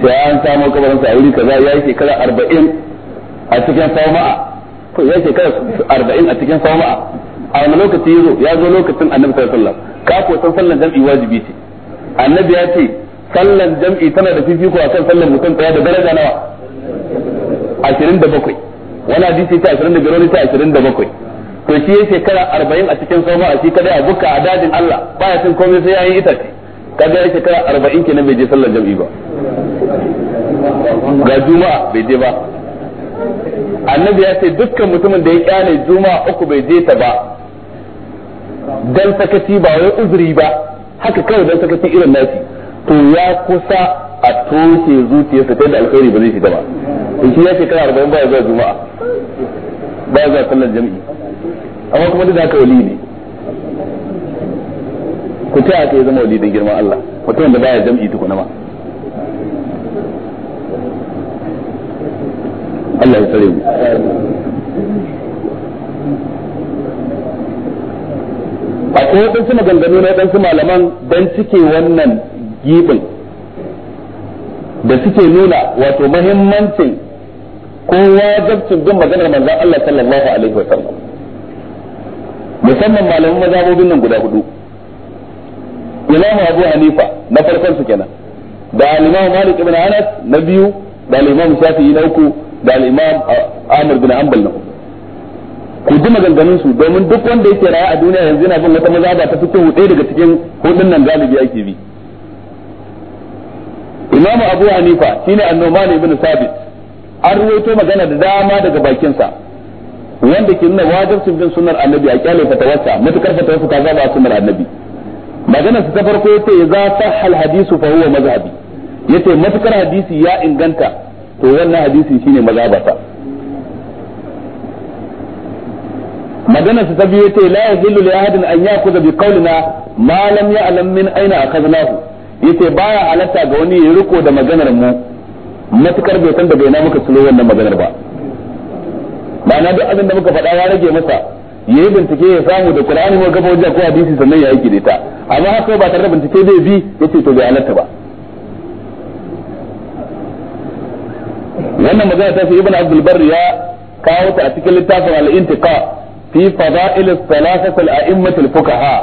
sai an samu kabarin sa wuri kaza ya yi shekara arba'in a cikin sauma'a ko ya yi shekara arba'in a cikin sauma'a a wani lokaci ya zo ya zo lokacin annabi sallallahu alaihi wasallam ka ko san sallan jam'i wajibi ce annabi ya ce sallan jam'i tana da fifiko akan sallan mutum tsaya da daraja nawa 27 wani hadisi ta 25 wani ta 27 to shi ya shekara 40 a cikin sauma'a shi kada a bukka a dadin Allah ya cin komai sai yayin itace kaga ya shekara 40 kenan bai je sallan jam'i ba ga juma'a bai je ba annabi ya ce dukkan mutumin da ya kyane juma'a uku bai je ta ba dan sakaci ba wai uzuri ba haka kawai dan sakaci irin nasi to ya kusa a toshe zuciyarsa ta da alkhairi ba zai shiga ba in shi ya shekara arba'in ba ya zuwa juma'a ba ya zuwa sallar jami'i amma kuma duk da haka wali ne ku ta haka ya zama wali da girman Allah mutum da baya jami'i tukuna ma Allah ya tsare mu akwai waɗansu maganganu na waɗansu malaman don cike wannan gibin da suke nuna wato mahimmancin ko wajabcin bin maganar manzan Allah sallallahu alaihi wa sallam musamman malaman mazhabobin nan guda hudu imamu abu hanifa na farkon su kenan da al malik ibn anas na biyu da al-imam shafi'i na uku da al bin ambal na ku ji maganganun su domin duk wanda yake raya a duniya yanzu yana bin wata ba ta fito hudu daga cikin hudun nan galibi ake bi imamu abu hanifa shine annoman ibn sabit an ruwaito magana da dama daga bakinsa wanda ke nuna wajibcin bin sunnar annabi a kyale fatawarsa matukar fatawarsa ta zaba sunnar annabi magana ta farko ya za ta hal hadisu fa huwa mazhabi ce matukar hadisi ya inganta to wannan hadisi shine mazhabata magana ta biyu yace la yahillu li ahadin an ya'khudha bi qawlina ma lam ya'lam min aina akhadnahu yace baya alatta ga wani ya riko da maganar mu matukar bai san daga ina muka sulo wannan maganar ba ma'ana duk abin da muka faɗa ya rage masa ya yi bincike ya samu da qur'ani ko gaba wajen ko hadisi sannan ya yi kidita amma haka ba tare da bincike bai bi yace to bai alatta ba wannan magana ta ibn abdul barr ya kawo ta a cikin littafin al-intiqa fi fada'il as-salasat al-a'immat al-fuqaha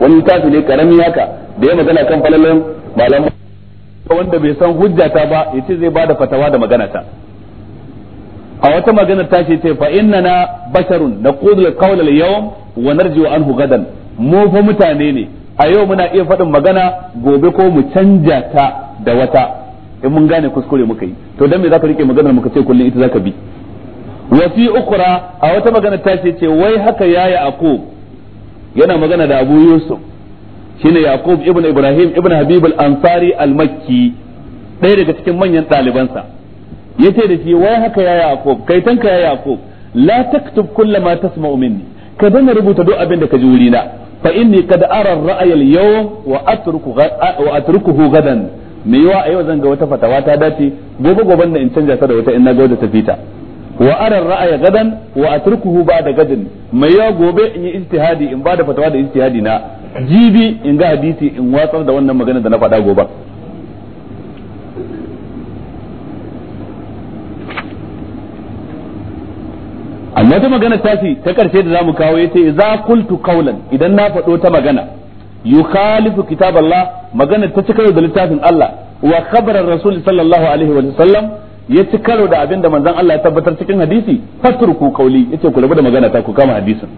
wani tafi ne karami haka da ya magana kan falalan malaman wanda bai san hujjata ba yace zai bada fatawa da magana ta a wata magana ta ce ce fa na basharun naqulu al-qawla al-yawm wa narju anhu gadan mu fa mutane ne a yau muna iya faɗin magana gobe ko mu canja ta da wata in mun gane kuskure muka yi to dan me zaka rike maganar muka ce kullun ita zaka bi wa fi ukhra a wata magana ta ce ce wai haka ya yaqub yana magana da abu yusuf shine yaqub ibn ibrahim ibn habib al-ansari al-makki ɗaya daga cikin manyan ɗalibansa yace da shi wai haka ya yaqub kai tanka ya yaqub la taktub kullama tasma'u minni ka dana rubuta duk abin da ka ji wurina fa inni kad ara ar-ra'ya al-yawm wa atruku wa atrukuhu gadan me yawa a yau zan ga wata fatawa ta dace gobe goben da in canja ta da wata in na ga wata tafita wa aran ra'aya gadan wa atrukuhu ba'da gadin me yawa gobe in yi ijtihadi in ba da fatawa da ijtihadi na jibi in ga hadisi in watsar da wannan magana da na faɗa gobe amma ta magana tasi ta karshe da zamu kawo yace za qultu qawlan idan na faɗo ta magana yukhalifu kitab Allah magana ta ci karo da littafin Allah wa khabarar rasul sallallahu alaihi wa sallam ya ci karo da abinda manzon Allah ya tabbatar cikin hadisi fatruku qawli yace ku rabu da magana ta ku kama hadisin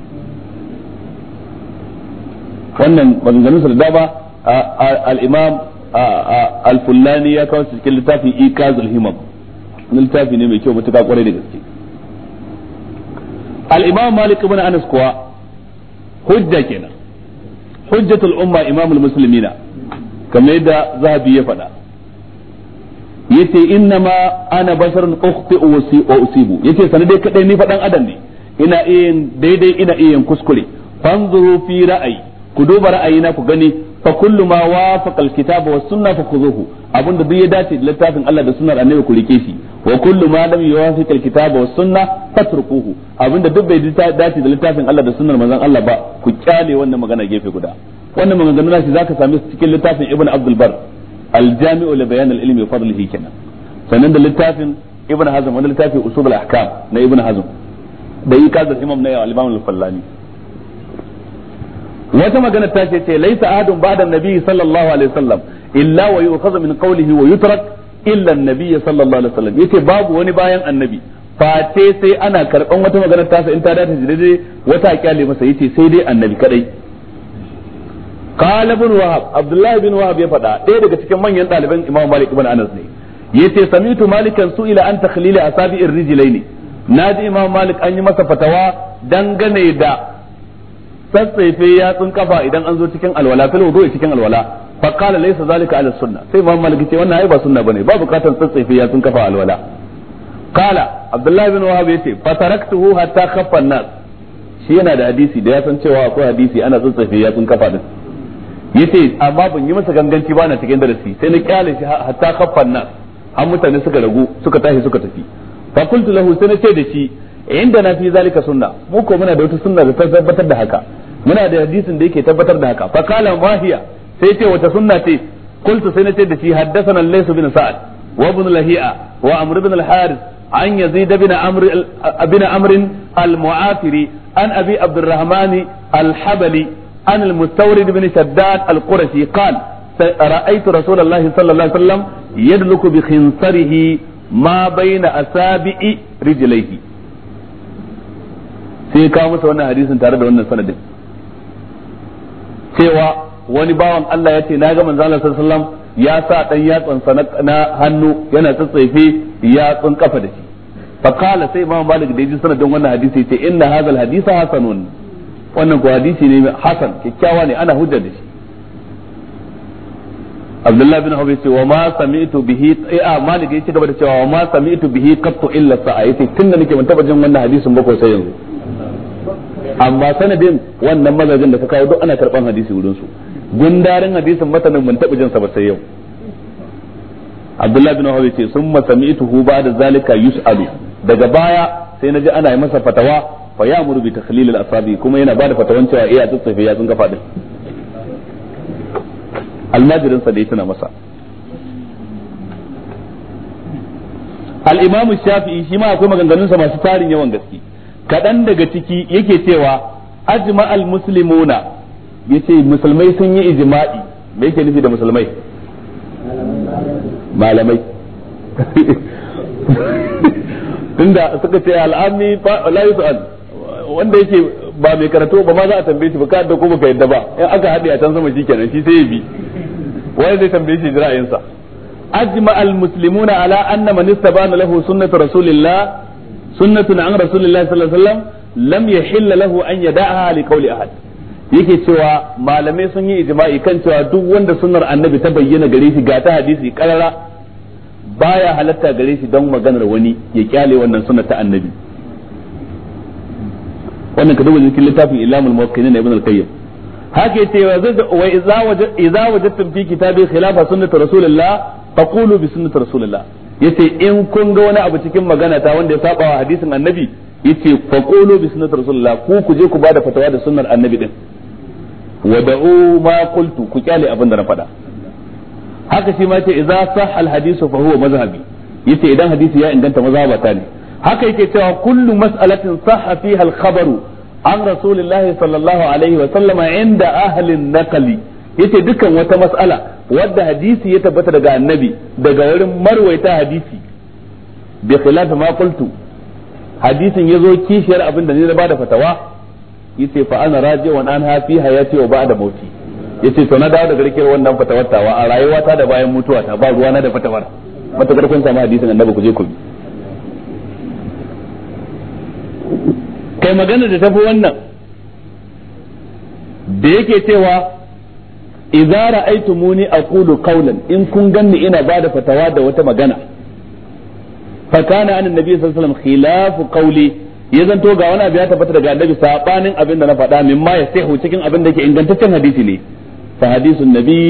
wannan maganganun sa da dama al-imam al-fullani ya kawo cikin littafin ikazul himam littafi ne mai kyau mutuka kwarai da gaske al-imam malik ibn anas kuwa hujja kenan hujjatul umma imamul muslimina kamar yadda zahabi ya faɗa yace inna ma ana basharun ukhti'u wa usibu yace dai kadai ni faɗan adam ne ina iya daidai ina iya kuskure fanzuru fi ra'ayi ku duba ra'ayina ku gani fa kullu ma wafaqa alkitaba was sunna fa khuzuhu abinda duk da littafin Allah da sunnar annabi ku rike shi wa kullu ma lam yuwafiq alkitaba was sunna fatrukuhu abinda duk bai dace da littafin Allah da sunnar manzon Allah ba ku kyale wannan magana gefe guda wannan maganganu na shi zaka same su cikin littafin Ibn Abdul Bar al-Jami'u li bayan al-ilmi kenan sannan da littafin Ibn littafin na Ibn yi imam na al-Imam fallani wata magana ta ce ce laisa ahadun ba'da nabi sallallahu alaihi wasallam illa wa yu'khadhu min qawlihi wa yutrak illa an-nabi sallallahu alaihi wasallam yace babu wani bayan annabi face sai ana karban wata magana ta in ta dace daidai wata kyale masa yace sai dai annabi kadai qala ibn wahab abdullahi bin wahab ya faɗa ɗaya daga cikin manyan ɗaliban imam malik ibn anas ne yace samitu malikan su'ila an takhlili asabi'ir rijlaini naji imam malik an yi masa fatawa dangane da tsatsaife yatsun kafa idan an zo cikin alwala fil wudu cikin alwala fa qala laysa zalika ala sunna sai imam malik ce wannan ai ba sunna bane ba bukatan tsatsaife yatsun kafa alwala qala abdullahi bin wahab yace fa taraktuhu hatta khaffa nas shi yana da hadisi da ya san cewa akwai hadisi ana tsatsaife yatsun kafa din yace amma ban yi masa ganganci ba na cikin darasi sai na kyale shi hatta khaffa nas har mutane suka ragu suka tashi suka tafi fa qultu lahu sai na ce da shi inda na fi zalika sunna mu ko muna da wata sunna da tabbatar da haka muna da hadisin da yake tabbatar da haka fa qala sai ce wata sunna ce qultu sai na ce da shi haddathana al-lays bin sa'ad wa ibn lahi'a wa amr ibn al an yazid bin amr bin amr al-mu'afiri an abi abdurrahman al-habali an al-mustawrid bin shaddad al-qurashi qala رأيت rasul الله صلى الله عليه وسلم يدلك بخنصره ما بين أصابع رجليه sai kawo masa wannan hadisin tare da wannan sanadin cewa wani bawan Allah ya ce na ga manzo Allah sallallahu ya sa dan yatsun sa na hannu yana tsatsaife yatsun kafa da shi fa kala sai imam malik da ji sanadin wannan hadisi ya ce inna hadha hadisa hasanun wannan ko hadisi ne hasan kikkiawa ne ana hujja da shi Abdullah bin Hubayb ce wa ma sami'tu bihi eh, a ah, malik ya ci gaba da cewa wa ma sami'tu bihi qattu illa sa'a yace tunda nake ban taba jin wannan hadisin ba sai yanzu amma sanadin wannan mazajin da ka kawo duk ana karban hadisi wurin su gundarin hadisin matanin mun taɓa jin sa ba sai yau Abdullahi bin Wahab ce sun masami'tuhu ba'da zalika yus'alu daga baya sai naji ana yi masa fatawa fa ya bi takhlil al-asabi kuma yana bada fatawan cewa eh a tsatsafe ya zunga fadin almajirin sa da ya tuna masa al imamu shafi'i shi ma akwai maganganun sa masu tarin yawan gaske kaɗan daga ciki yake cewa ajma al muslimuna yace musulmai sun yi ijma'i me yake nufi da musulmai malamai tunda suka ce al'ami la yus'al wanda yake ba mai karatu ba ma za a tambaye shi ba ka yadda ko baka yadda ba in aka haɗe a can sama shikenan shi sai ya bi wanda zai tambaye shi ra'ayinsa ajma al muslimuna ala anna man istabana lahu sunnat rasulillah sunnatun an rasulullahi sallallahu alaihi wasallam lam yahilla lahu an yada'aha li qawli ahad yake cewa malamai sun yi ijma'i kan cewa duk wanda sunnar annabi ta bayyana gare shi ga ta hadisi karara baya halatta gare shi don maganar wani ya kyale wannan sunnar ta annabi wannan ka duba cikin littafin ilamul muwakkilin ibn al-qayyim haka yace wa idza wajadtum fi kitabi khilafa sunnati rasulillah faqulu bi sunnati rasulillah yace in kun ga wani abu cikin magana ta wanda ya saba wa hadisin annabi yace fa qulu bi sunnati rasulullah ku ku je ku bada fatawa da sunnar annabi din wa da'u ma qultu ku kyale abin da na faɗa haka shi ma yace idza sahha al hadisu fa huwa mazhabi yace idan hadisi ya inganta mazhaba ta ne haka yake cewa kullu mas'alatin sahha fiha al khabaru an rasulillahi sallallahu alaihi wa sallama inda ahli nakali. naqli yace dukkan wata mas'ala wadda hadisi ya tabbata daga annabi daga wurin marwaita hadisi bi khilaf ma qultu hadisin yazo kishiyar abin da ni na bada fatawa yace fa ana raji'un an ha fi hayati wa ba'da mauti yace to na dawo daga rikiyar wannan fatawar tawa a rayuwata da bayan mutuwa ta ba ruwana da fatawar matakar kun samu hadisin annabi ku je ku bi kai magana da tafi wannan da yake cewa idza ra'aytumuni aqulu qawlan in kun ganni ina bada fatawa da wata magana fa kana an annabi sallallahu alaihi wasallam khilafu qawli ya zanto ga wani abu ya tabbata daga annabi sabanin abin da na faɗa min ma ya sahu cikin abin da ke ingantaccen hadisi ne fa hadisun nabi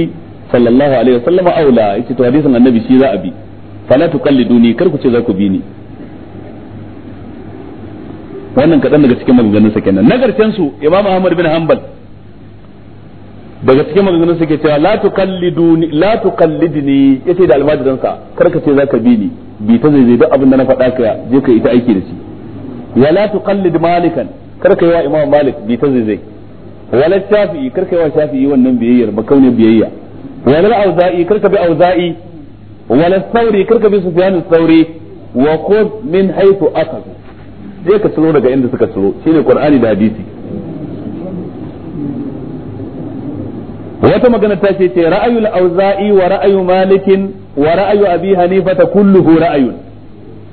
sallallahu alaihi wasallam aula yace to hadisin annabi shi za a bi la tuqalliduni kar ku ce za ku bi ni wannan kadan daga cikin maganganun sa kenan na karshen su imamu ahmad bin hanbal daga cikin maganganun suke cewa la tuqalliduni la tuqallidni yace da almajiran sa karka ka ce zaka bi ni bi ta zai duk abin da na faɗa ka je ka yi ta aiki da shi wa la tuqallid malikan karka ka yi wa imam malik bi ta zai wala shafi'i kar ka yi wa shafi'i wannan biyayyar ba kaune biyayya wala auza'i kar ka bi auza'i wala sauri kar ka bi sufyan sauri wa khudh min haythu akhadhu sai ka tsiro daga inda suka tsiro shine qur'ani da hadisi wata magana ta ce ce ra'ayul auza'i wa ra'ayu malikin wa ra'ayu abi hanifa ta kulluhu ra'ayun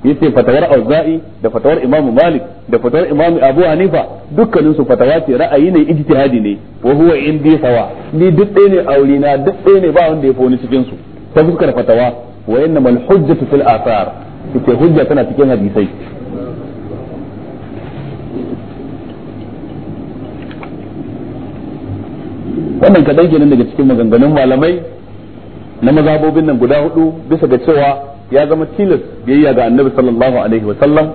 yace fatawar auza'i da fatawar imam malik da fatawar imam abu hanifa dukkanin su fatawa ce ra'ayi ne ijtihadi ne wa huwa indi sawa ni duk ɗaya ne na duk ɗaya ne ba wanda ya foni cikinsu. cikin su ta fuskar fatawa wa innamal hujjatu fil athar yace hujja tana cikin hadisai wannan kadan kenan daga cikin maganganun malamai na mazabobin nan guda hudu bisa ga cewa ya zama tilas biyayya ga annabi sallallahu alaihi wa sallam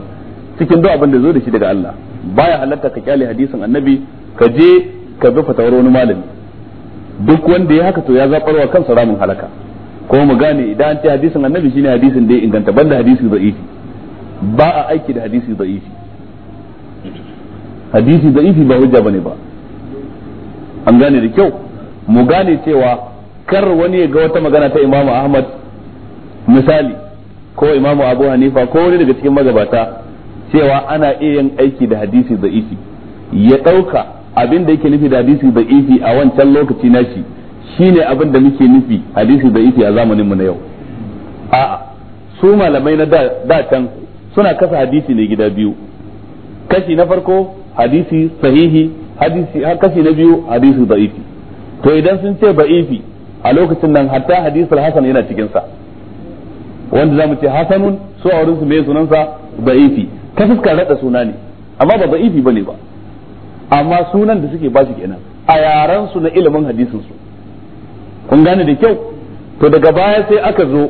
cikin duk abin da zo da shi daga Allah baya halatta ka kyale hadisin annabi ka je ka bi fatawar wani malami duk wanda ya haka to ya zabarwa kansa ramin halaka ko mu gane idan an ce hadisin annabi shine hadisin da ya inganta banda hadisi da'ifi ba a aiki da hadisi da'ifi hadisi da'ifi ba hujja bane ba an gane da kyau mu gane cewa kar wani ya ga wata magana ta imamu ahmad misali ko imamu abu hanifa ko wani daga cikin magabata cewa ana iya yin aiki da hadisi da ifi ya ɗauka abin da yake nufi da hadisi da ifi a wancan lokaci nashi shine abin da muke nufi hadisi da ifi a zamanin mu na yau a'a su malamai na da can suna kasa hadisi ne gida biyu kashi na farko hadisi sahihi hadisi kashi na biyu hadisi da'ifi to idan sun ce ba'ifi a lokacin nan hatta hadisul hasan yana cikin sa wanda zamu ce hasanun su a wurin su mai sunan sa da'ifi ta fuska rada suna ne amma ba da'ifi bane ba amma sunan da suke bashi kenan a yaran su na ilimin hadisin su kun gane da kyau to daga baya sai aka zo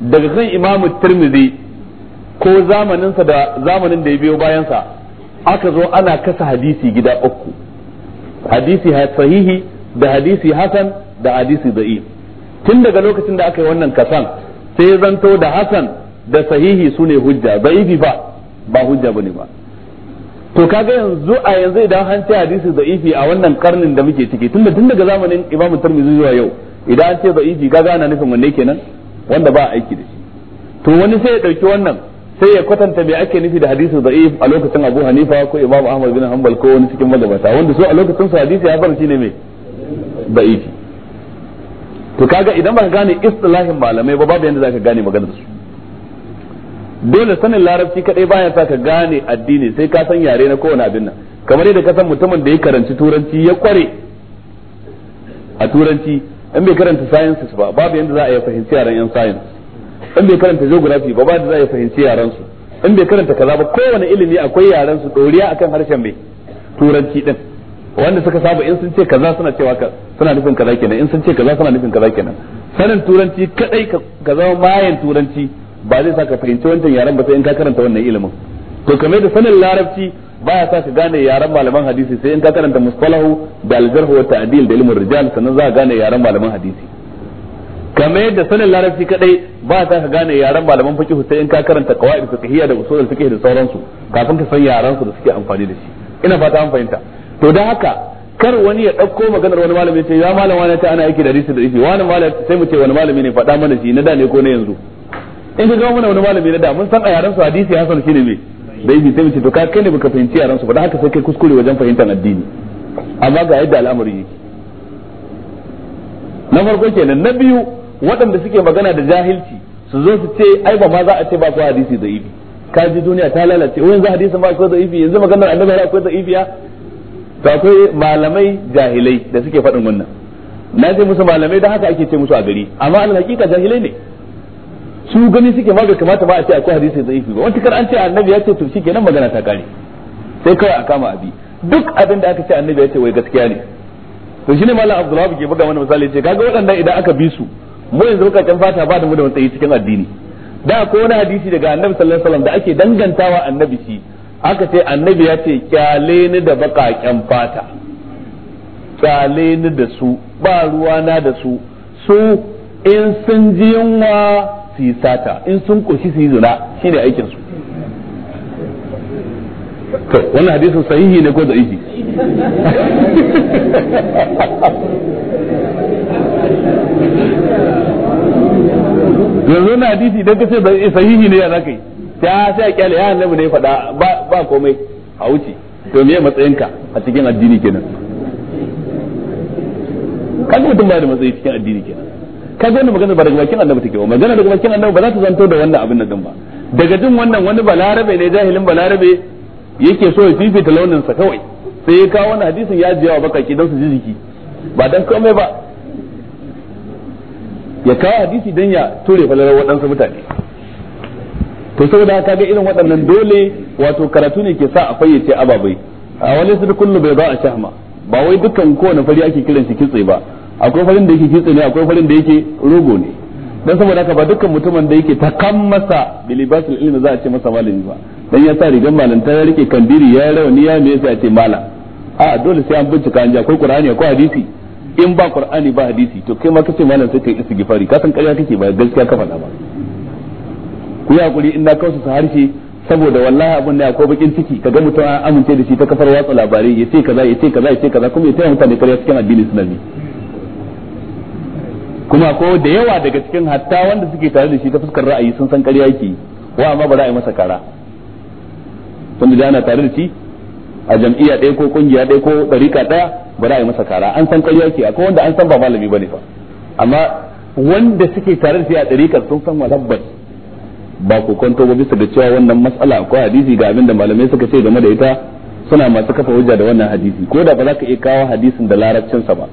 daga kan imamu tirmidhi ko sa da zamanin da ya biyo bayansa aka zo ana kasa hadisi gida uku hadisi sahihi da hadisi hasan da hadisi da'i tun daga lokacin da aka yi wannan kasan sai zanto da hasan da sahihi su ne hujja da'ifi ba ba hujja bane ba to kaga yanzu a yanzu idan an ce hadisi da'ifi a wannan karnin da muke ciki tunda tun daga zamanin imamu tarmizi zuwa yau idan an ce da'ifi kaga ana nufin wanne kenan wanda ba aiki da shi to wani sai ya dauki wannan sai ya kwatanta me ake nufi da hadisi da'if a lokacin Abu Hanifa ko Imam Ahmad bin Hanbal ko wani cikin magabata wanda su a lokacin su hadisi ya bar shine me da'ifi to kaga idan baka gane istilahin malamai ba babu yanda zaka gane maganar su dole sanin larabci kadai baya sa ka gane addini sai ka san yare na kowane abin nan kamar yadda ka san mutumin da ya karanci turanci ya kware a turanci in bai karanta sciences ba babu yanda za a yi fahimci yaran yan science in bai karanta geography ba ba da za ya fahimci yaran su in bai karanta kaza ba kowane ilimi akwai yaran su doriya akan harshen mai turanci din wanda suka saba in sun ce kaza suna cewa ka suna nufin kaza kenan in sun ce kaza suna nufin kaza kenan sanin turanci kadai ka zama mayan turanci ba zai sa fahimci wancan yaran ba sai in ka karanta wannan ilimin to kamar da sanin larabci baya sa ka gane yaran malaman hadisi sai in ka karanta mustalahu da aljarhu wa ta'dil da ilmul rijal sannan za ka gane yaran malaman hadisi kamar da sanin larabci kadai ba za ka gane yaren malaman fiqh sai in ka karanta qawaid fiqhiyya da usul fiqh da sauransu kafin ka san yaran su da suke amfani da shi ina fata an fahimta to dan haka kar wani ya dauko maganar wani malami ya ce ya malam wani ta ana aiki da risi da risi wani malami sai mu ce wani malami ne faɗa mana shi na da ne ko na yanzu in ka ga mana wani malami na da mun san a yaran su hadisi hasan shine me da yi sai mu ce to ka kai ne baka fahimci yaran su ba dan haka sai kai kuskure wajen fahimtar addini amma ga yadda al'amari yake na farko kenan na biyu waɗanda suke magana da jahilci su zo su ce ai ba ma za a ce ba ko hadisi da ibi ka ji duniya ta lalace za hadisin ba ko da ibi yanzu maganar annabi ba ko da ibiya to akwai malamai jahilai da suke faɗin wannan na ce musu malamai da haka ake ce musu a gari amma al hakika jahilai ne su gani suke ma bai kamata ba a ce akwai hadisi da ibi ba wani kar an ce annabi ya ce to shikenan magana ta kare sai kawai a kama abi duk abin da aka ce annabi ya ce wai gaskiya ne to shine malam abdullahi ke buga mana misali ce kaga waɗannan idan aka bi su mu yanzu can fata ba da mu da matsayi cikin addini da ko wani hadisi daga annabi sallallahu alaihi wasallam da ake dangantawa annabi shi aka ce annabi ya ce kyale ni da bakaken fata kyale ni da su ba ruwa na da su su in sun ji yunwa su yi sata in sun koshi su yi zina ne aikin su to wani hadisin sahihi ne ko you. yanzu na hadisi idan ka ce eh, sahihi ne ya za ka yi ta sai a kyale ya annabi ne faɗa ba komai a wuce to me matsayinka a cikin addini kenan kaga mutum ba da matsayi cikin addini kenan ga wannan magana ba daga bakin annabi take ba magana daga bakin annabi ba za ta zanto da wannan abin nan ba daga jin wannan wani balarabe ne jahilin balarabe yake so ya fifita launin sa kawai sai ya kawo wannan hadisin ya jiyawa bakaki don su ji jiki ba dan komai ba ya kawo hadisi dan ya ture falalar waɗansu mutane to saboda haka ga irin waɗannan dole wato karatu ne ke sa a fayyace ababai a wani su kullu bai za a shahma ba wai dukkan kowane fari ake kiran shi kitse ba akwai farin da yake kitse ne akwai farin da yake rogo ne dan saboda haka ba dukkan mutumin da yake takammasa bi libasul ilmi za a ce masa malami ba dan ya sa rigar malanta ya rike kandiri ya rawani ya me yasa ce mala a dole sai an bincika an ji akwai qur'ani akwai hadisi in ba qur'ani ba hadisi to kai ma kace malam sai kai istighfari ka san ƙarya kake ba gaskiya ka faɗa ba ku yi kuri in na kausa harshe saboda wallahi abun da akwai bakin ciki kaga mutum an amince da shi ta kafar watsa labarai yace kaza yace kaza yace kaza kuma ya taya mutane ƙarya cikin addinin islami kuma ko da yawa daga cikin hatta wanda suke tare da shi ta fuskar ra'ayi sun san ƙarya yake wa amma ba za a yi masa kara tun da ana tare da shi a jam'iyya ɗaya ko kungiya ɗaya ko ɗarika ɗaya ba za a yi masa kara an san ƙarya ke akwai wanda an san ba malami ba ne fa amma wanda suke tare da shi a ɗarika sun san malabbas ba ku kwanto ba bisa da cewa wannan matsala akwai hadisi ga abin da malamai suka ce game da ita suna masu kafa hujja da wannan hadisi ko da ba za ka iya kawo hadisin da larabcinsa ba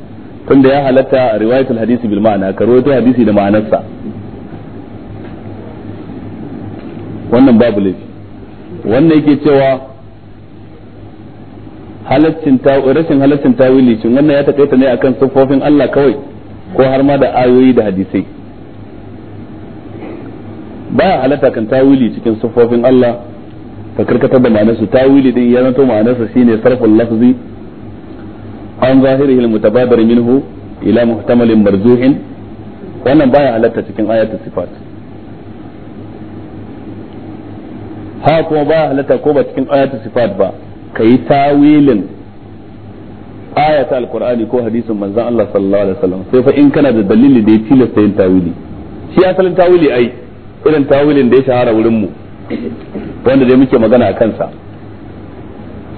tunda ya halatta riwayatul hadisi bil ma'ana ka rawaito hadisi da ma'anarsa wannan babu laifi wannan yake cewa halaccin rashin halaccin wili cin wannan ya takaita ne akan siffofin Allah kawai ko har ma da ayoyi da hadisai ya halatta kan wili cikin siffofin Allah ka karkatar da ma'anarsu wili din ya zanto ma'anarsa shine sarful lafzi an zahirihi mutabadir minhu ila muhtamalin marzuhin wannan baya halatta cikin ayatu sifat ha kuma baya halatta ko ba cikin ayatu sifat ba ka yi tawilin ayata alkur'ani ko hadisin manzon Allah sallallahu alaihi wasallam sai fa in kana da dalili da ya tilasta yin tawili shi asalin tawili ai irin tawilin da ya shahara wurin mu wanda dai muke magana a kansa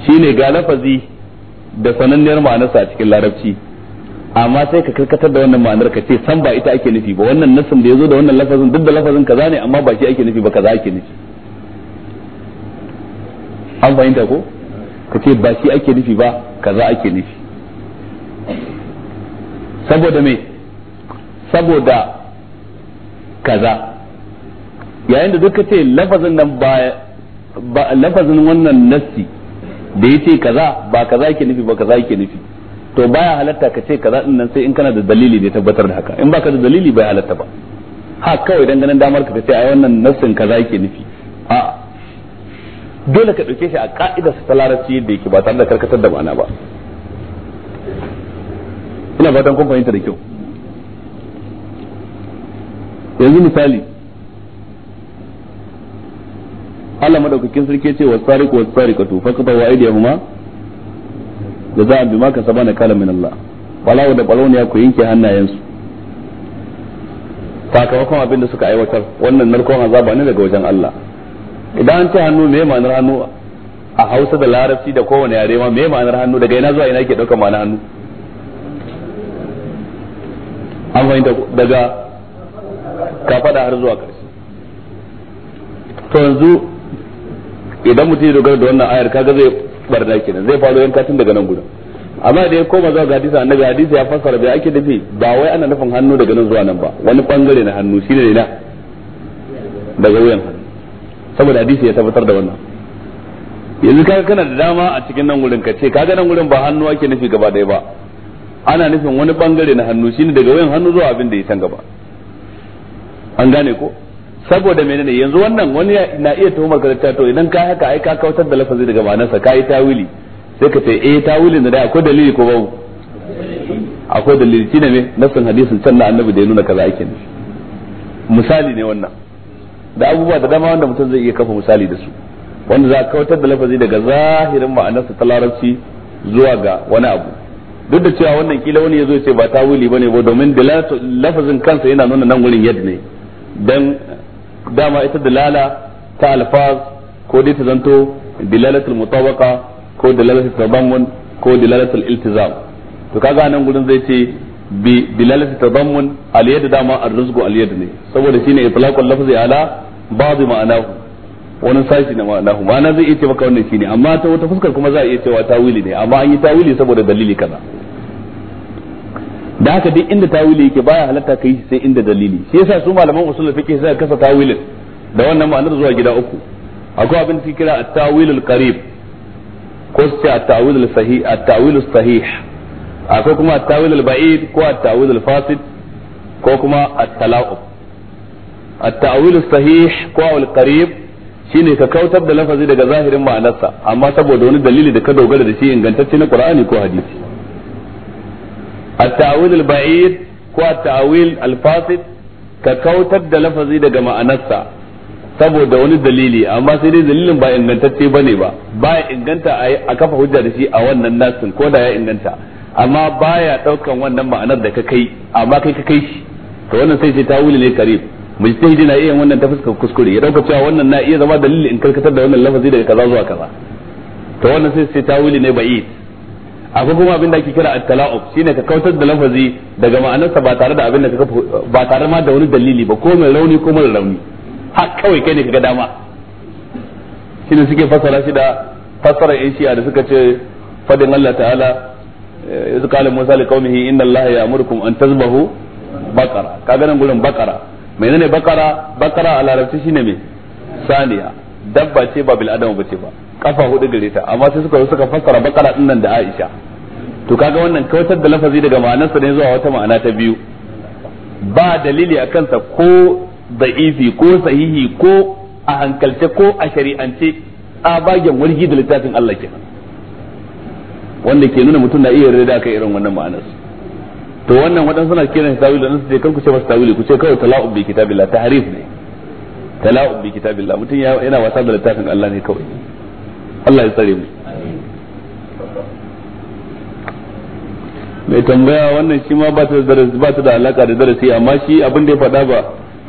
shine ga lafazi da sananniyar ma'anarsa a cikin larabci amma sai ka karkatar da wannan ma'anar ka ce san ba ita ake nufi ba wannan nasin da yazo da wannan lafazin duk da lafazin kaza ne amma ba shi ake nufi ba kaza ake nufi an fahimta ko ka ce ba shi ake nufi ba kaza ake nufi saboda me saboda kaza yayin da duka ce lafazin nan ba lafazin wannan nassi da ya ce kaza ba kaza ake nufi ba kaza ake nufi to baya halatta ka ce kaza din nan sai in kana da dalili da tabbatar da haka in baka da dalili bai halatta ba ha kawai dan ganin damar ka ce ai wannan nassin kaza yake nufi a dole ka ɗauke shi a ka'idar ta larabci yadda yake ba tare da karkatar da ma'ana ba ina fatan kun fahimta da kyau yanzu misali Allah madaukakin sarki ce wa sariqu wa sariqatu fakaba wa aydihuma jaza'an bima kasabana kala min Allah balawa da ya ku yanke hannayensu sakamakon abin da suka aiwatar wannan narkon azaba ne daga wajen Allah idan an ce hannu me ma'anar hannu a hausa da larabci da kowane yare ma me ma'anar hannu daga ina zuwa ina ke ɗaukar ma'anar hannu an fahimta daga kafada har zuwa ƙarshe to yanzu idan mutum ya dogara da wannan ayar kaga zai barna kenan zai faru yan katin daga nan gudan amma da ya koma zuwa ga hadisi annabi hadisi ya fassara bai ake dafi ba wai ana nufin hannu daga nan zuwa nan ba wani bangare na hannu shine ne na daga wuyan hannu saboda hadisi ya tabbatar da wannan yanzu kaga kana da dama a cikin nan gurin ka ce kaga nan gurin ba hannu ake nufi gaba daya ba ana nufin wani bangare na hannu shine daga wayan hannu zuwa abin da ya can gaba an gane ko saboda menene yanzu wannan wani na iya tuhumar ka ta to idan ka haka ai ka kautar da lafazi daga ma'anarsa ka yi tawili sai ka ce eh tawilin da dai akwai dalili ko babu akwai dalili shine me nasin hadisin can na annabi da ya nuna kaza ake nufi misali ne wannan da abubuwa da dama wanda mutum zai iya kafa misali da su wanda za a kawatar da lafazi daga zahirin ma'anarsa ta larabci zuwa ga wani abu duk da cewa wannan kila wani ya zo ce ba tawili bane ba domin da lafazin kansa yana nuna nan wurin yadda ne dan dama ita dalala ta alfaz ko dai ta zanto dilalatul mutabaka ko dilalatul tabammun ko dilalatul iltizam to kaga nan gurin zai ce bi bilalati tadammun al yad dama ar rizqu al yad ne saboda shine itlaqul lafzi ala ba'd ma'anahu wani sashi na ma'anahu ma'ana zai iya ce maka wannan shine amma ta wata fuskar kuma za a iya cewa tawili amma an yi tawili saboda dalili kaza da haka duk inda tawili yake baya halatta kai shi sai inda dalili shi yasa su malaman usul fiqh suka kasa tawilin da wannan ma'anar zuwa gida uku akwai abin da kira at-tawilul qarib ko sai at-tawilul sahih at-tawilus sahih akwai kuma at-tawil al-ba'id ko at-tawil al-fasid ko kuma at-tala'ub at-tawil as-sahih ko al-qarib shine ka kautar da lafazi daga zahirin ma'anarsa amma saboda wani dalili da ka dogara da shi ingantacce na Qur'ani ko hadisi at-tawil al-ba'id ko at-tawil al-fasid ka kautar da lafazi daga ma'anarsa saboda wani dalili amma sai dai dalilin ba ingantacce bane ba ba inganta a kafa hujja da shi a wannan nasin ko da ya inganta amma baya daukan wannan ma'anar da ka kai amma kai ka kai shi to wannan sai sai tawili ne karib mujtahidi na iya wannan ta fuskar kuskure ya dauka cewa wannan na iya zama dalili in karkatar da wannan lafazi daga kaza zuwa kaza to wannan sai sai tawili ne ba'id akwai kuma abin da ake kira at talauq shine ka kautar da lafazi daga ma'anarsa ba tare da abin da ka ba tare ma da wani dalili ba ko mai rauni ko mai rauni ha kawai kai ne kaga dama shine suke fassara shi da fassara yan shi da suka ce fadin Allah ta'ala yanzu kalin musa liqaumihi inna allaha ya'murukum an tazbahu baqara kaga nan gurin baqara menene baqara baqara a larabci shine me saniya dabba ce ba bil adam ba ce ba kafa hudu gare ta amma sai suka suka fassara baqara din nan da Aisha to kaga wannan kautar da lafazi daga ma'anarsa ne zuwa wata ma'ana ta biyu ba dalili a kansa ko da'ifi ko sahihi ko a hankalce ko a shari'ance a bagen wargi da littafin Allah kenan wanda ke nuna mutum na iya yarda da aka irin wannan ma'anar to wannan wadan suna kiran tawili dan su je kanku ku ce masa tawili ku ce kawai tala'u bi kitabillah tahrif ne tala'u bi kitabillah mutum yana wasa da littafin Allah ne kawai Allah ya tsare mu mai tambaya wannan shi ma ba ta da ba ta da alaka da darasi amma shi abin da ya faɗa ba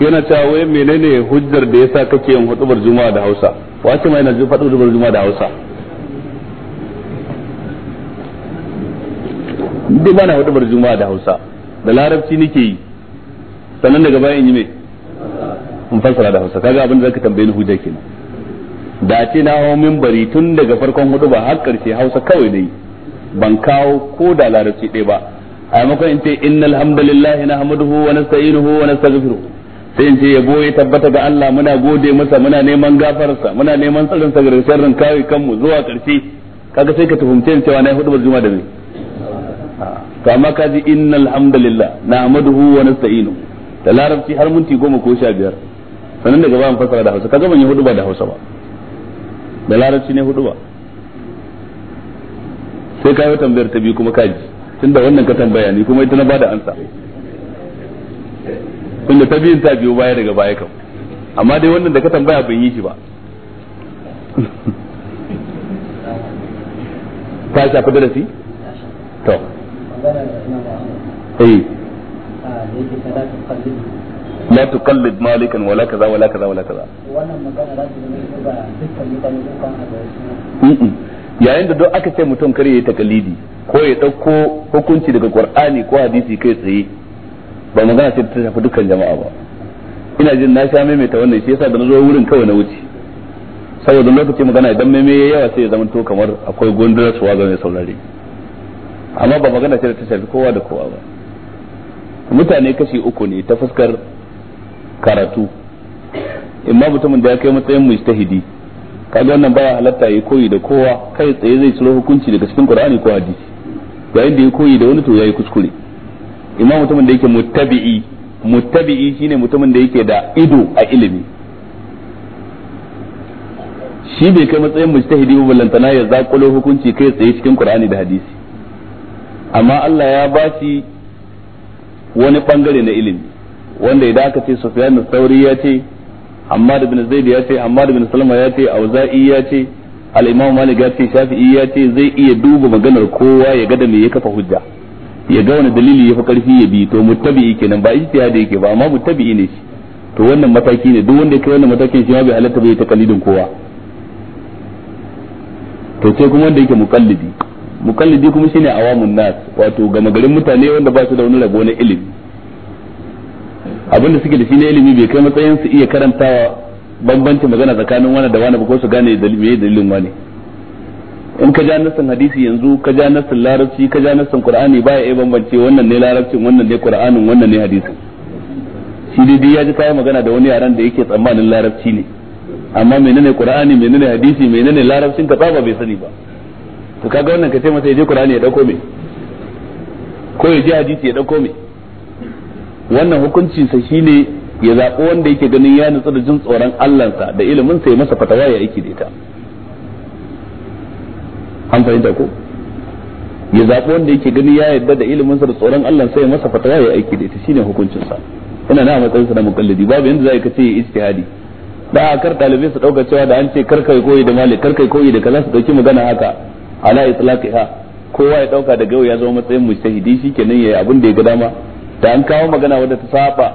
yana cewa wai menene hujjar da yasa kake yin hutubar juma'a da Hausa wace ma yana faɗa hutubar juma'a da Hausa duk hudu hudubar juma'a da Hausa da larabci nake yi sannan daga baya in yi me in fassara da Hausa kaga abin da zaka tambaye ni hujja kenan da ce na hawo minbari tun daga farkon hudu ba har karshe Hausa kawai dai ban kawo ko da larabci ɗaya ba a maimakon in ce innal hamdalillahi nahmaduhu wa nasta'inuhu wa nastaghfiruh sai in ce ya ya tabbata ga Allah muna gode masa muna neman gafararsa muna neman tsarin sa sharrin kawai kanmu zuwa karshe kaga sai ka tuhumce cewa na hudu juma'a da ni. kama ka ji inna alhamdulillah na amaduhu wa nasta'inu da larabci har minti goma ko sha biyar sannan daga bayan fasara da hausa kaga ban yi hudu ba da hausa ba da larabci ne hudu ba sai ka yi tambayar ta biyu kuma ka ji tunda wannan ka tambaya ni kuma ita na bada ansa tunda ta biyun ta biyu baya daga baya kam amma dai wannan da ka tambaya ban yi shi ba ta shafi darasi to eh la ah, tuqallid malikan wala kaza wala kaza wala kaza wannan yayin da duk aka ce mutum kare ya takalidi ko ya ɗauko hukunci daga qur'ani ko hadisi kai tsaye ba magana ce ta shafi dukkan jama'a ba ina jin na sha maimaita wannan shi yasa da na zo wurin kawai na wuce saboda lokaci magana idan maimai ya yawa sai ya zama to kamar akwai gundurar suwa ga mai saurare amma ba magana ce da ta shafi kowa da kowa ba mutane kashi uku ne ta fuskar karatu imma mutumin da ya kai matsayin mujtahidi kaga wannan baya halatta yayi koyi da kowa kai tsaye zai tsoro hukunci daga cikin qur'ani ko hadisi yayin da ya koyi da wani to yayi kuskure imma mutumin da yake muttabi'i muttabi'i shine mutumin da yake da ido a ilimi shi bai kai matsayin mujtahidi ba ballantana ya zakulo hukunci kai tsaye cikin qur'ani da hadisi amma Allah ya ba shi wani bangare na ilimi wanda idan aka ce Sufyan al-Thawri ya ce Hammad ibn Zaid ya ce Hammad ibn Salma ya ce Auza'i ya ce al-Imam Malik ya ce Shafi'i ya ce zai iya duba maganar kowa ya ga da me ya kafa hujja ya ga wani dalili ya fi karfi ya bi to muttabi'i kenan ba ijtihadi yake ba amma muttabi'i ne shi to wannan mataki ne duk wanda ya kai wannan matakin shi ma bai halatta bai ta kalidin kowa to sai kuma wanda yake muqallidi mukallidi kuma shine awamun nas wato gama garin mutane wanda ba su da wani rabo na ilimi abinda suke da shi na ilimi bai kai matsayin su iya karantawa bambanci magana tsakanin wani da wani ba ko su gane dalilin dalilin wani in ka ja nassan hadisi yanzu ka ja nassan larabci ka ja nassan qur'ani ba ya bambance wannan ne larabcin wannan ne qur'anin wannan ne hadisin shi dai ya ji kai magana da wani yaran da yake tsammanin larabci ne amma menene qur'ani menene hadisi menene larabcin ka ba bai sani ba to kaga wannan ka ce masa ya je Qur'ani ya dauko me ko ya je hadisi ya dauko me wannan hukuncin sa shine ya zaɓi wanda yake ganin ya nutsu da jin tsoron sa da ilimin sa ya masa fatawa ya aiki da ita an fahimta ko ya zaɓi wanda yake ganin ya yarda da ilimin sa da tsoron Allah sa ya masa fatawa ya aiki da ita shine hukuncin sa ina na matsayin sa na mukallidi babu yanda zai kace ya ijtihadi da kar dalibai su dauka cewa da an ce kar kai koyi da malik kar kai koyi da kaza su dauki magana haka ala itlaqiha kowa ya dauka daga yau ya zama matsayin mujtahidi shikenan yayi abin da ya ga dama da an kawo magana wadda ta saba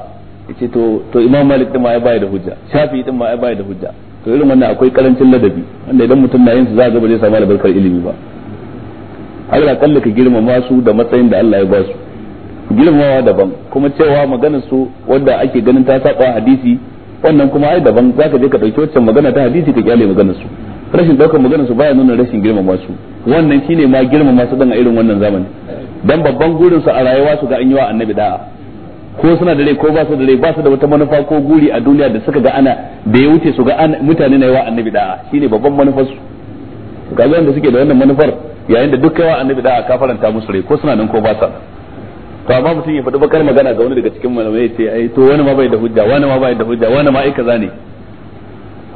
yace to to imam malik din ma ya bai da hujja shafi din ma ya bai da hujja to irin wannan akwai karancin ladabi wanda idan mutum na yin su za ga ba zai samu albarkar ilimi ba Allah kalla ka girmama su da matsayin da Allah ya ba su girmamawa daban kuma cewa maganar su wanda ake ganin ta saba hadisi wannan kuma ai daban zaka je ka dauki waccan magana ta hadisi ka kyale maganar su rashin daukar magana su baya nuna rashin girmama su wannan shine ma girmama su dan a irin wannan zamani dan babban gurin su a rayuwa su ga an yi wa annabi da'a ko suna da rai ko ba su da rai ba su da wata manufa ko guri a duniya da suka ga ana da ya wuce su ga mutane na yi wa annabi da'a shine babban manufar su ga da suke da wannan manufar yayin da duk yawa annabi da'a ka faranta musu rai ko suna nan ko ba sa to amma mutum ya faɗi bakar magana ga wani daga cikin malamai ya ce ai to wani ma bai da hujja wani ma bai da hujja wani ma aika zane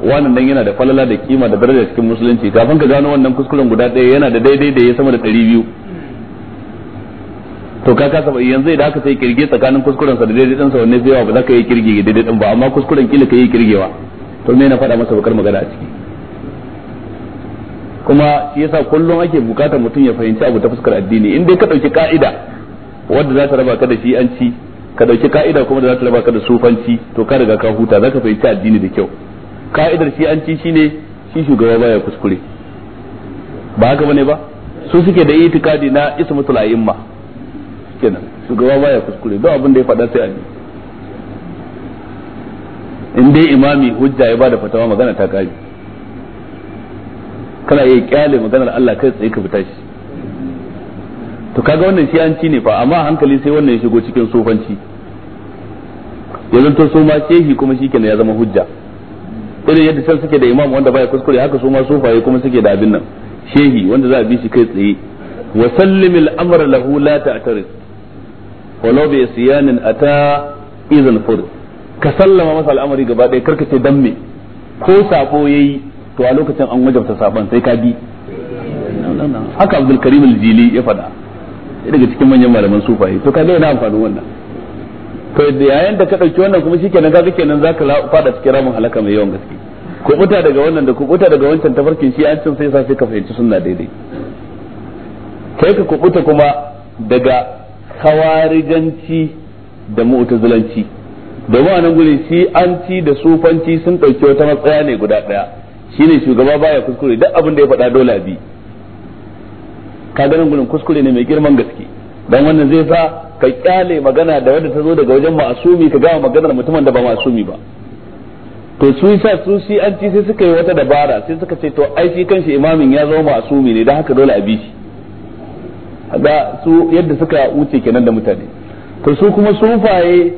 wannan dan yana da falala da kima da daraja cikin musulunci kafin ka gano wannan kuskuren guda ɗaya yana da daidai da ya sama da ɗari biyu to ka kasa yanzu idan aka sai kirge tsakanin kuskuren sa da daidai ɗansa wanne zai ba za ka yi kirge daidai ɗin ba amma kuskuren kila ka yi kirgewa to me na faɗa masa bakar magana a ciki kuma shi yasa kullum ake bukatar mutum ya fahimci abu ta fuskar addini in dai ka ɗauki ka'ida wadda za ta raba ka da shi an ci ka ɗauki ka'ida kuma da za ta raba ka da sufanci to ka riga ka huta za ka fahimci addini da kyau ka'idar shi an ci shine shi shugaba baya kuskure ba haka bane ba su suke da itikadi na ismatul a'imma kenan shugaba baya kuskure don abin da ya faɗa sai a yi in dai imami hujja ya bada fatawa magana ta kare kana iya kyale maganar Allah kai tsaye ka fita shi to kaga wannan shi an ci ne fa amma hankali sai wannan ya shigo cikin sofanci yanzu to so ma shehi kuma kenan ya zama hujja irin yadda can suke da imam wanda baya kuskure haka su ma sufaye kuma suke da abin nan shehi wanda za a bi shi kai tsaye wa sallim al-amr lahu la wa law bi siyanin ata idan fur ka sallama masa al'amari gaba ɗaya karka ce dan me ko sako yayi to a lokacin an wajabta saban sai ka bi haka Abdul Karim al-Jili ya faɗa daga cikin manyan malaman sufaye to kaga yana amfani wannan to yayin da ka dauki wannan kuma shikenan ga kake kenan zaka fada cikin ramin halaka mai yawan gaske ko buta daga wannan da ku buta daga wancan tafarkin shi an cin sai sa sai ka fahimci sunna daidai kai ka kubuta kuma daga khawarijanci da mu'tazilanci domin anan nan shi an ci da sufanci sun dauki wata matsaya ne guda daya shine shugaba baya kuskure duk abin da ya fada dole a bi ka nan gurin kuskure ne mai girman gaske dan wannan zai sa ka kyale magana da wanda ta zo daga wajen ma'asumi ka gama maganar mutumin da ba ma'asumi ba to su yasa su shi an ci sai suka yi wata dabara sai suka ce to ai shi kanshi imamin ya zama ma'asumi ne dan haka dole a bi shi da su yadda suka wuce kenan da mutane to su kuma sufaye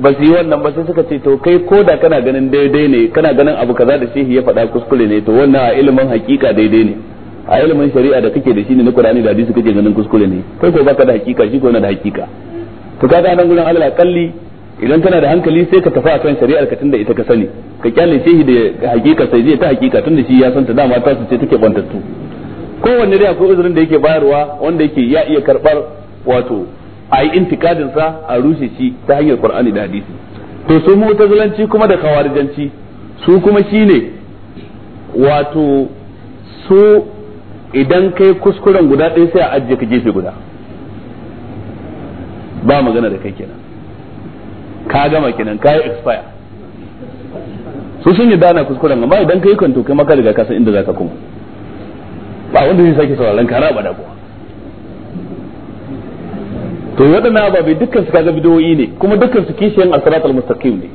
ba su yi wannan ba sai suka ce to kai ko da kana ganin daidai ne kana ganin abu kaza da shehi ya faɗa kuskure ne to wannan a ilimin hakika daidai ne a ilimin shari'a da kake da shi ne na Qur'ani da hadisi kake ganin kuskure ne kai ko baka da hakika shi ko yana da hakika to kaga nan gurin Allah kalli idan kana da hankali sai ka tafi akan shari'ar ka tunda ita ka sani ka kyale shi da hakika sai zai ta hakika tunda shi ya san ta dama ta su ce take bantattu kowanne da akwai uzurin da yake bayarwa wanda yake ya iya karbar wato a yi intikadin sa a rushe shi ta hanyar Qur'ani da hadisi to su mutazilanci kuma da kawarijanci su kuma shine wato su idan kai kuskuren guda ɗaya sai a ajiye ka gefe guda ba magana da kai kenan ka gama kenan ka yi expire su sun yi dana kuskuren amma idan kai kan to kai maka riga ka san inda zaka kuma ba wanda zai sake sauraron ka raba da kuwa to yadda na ababai dukkan su kaga bidoyi ne kuma dukkan su kishiyan asiratul mustaqim ne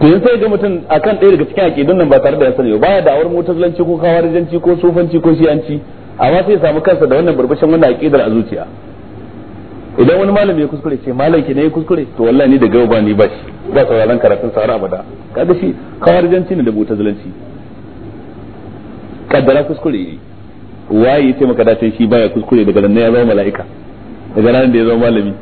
to yin sai ga mutum kan ɗaya daga cikin aƙidun nan ba tare da ya sani baya da awar mutazilanci ko kawarijanci ko sufanci ko shi'anci amma sai ya samu kansa da wannan burbushin wannan aƙidar a zuciya idan wani malami ya kuskure ce malam ki ne ya kuskure to wallahi ni da gaba ba ni ba shi ba sauraron karatun sa har abada kaga shi kawarijanci ne da mutazilanci kaddara kuskure yi waye ya taimaka dace shi baya kuskure daga nan ya zama mala'ika daga nan da ya zama malami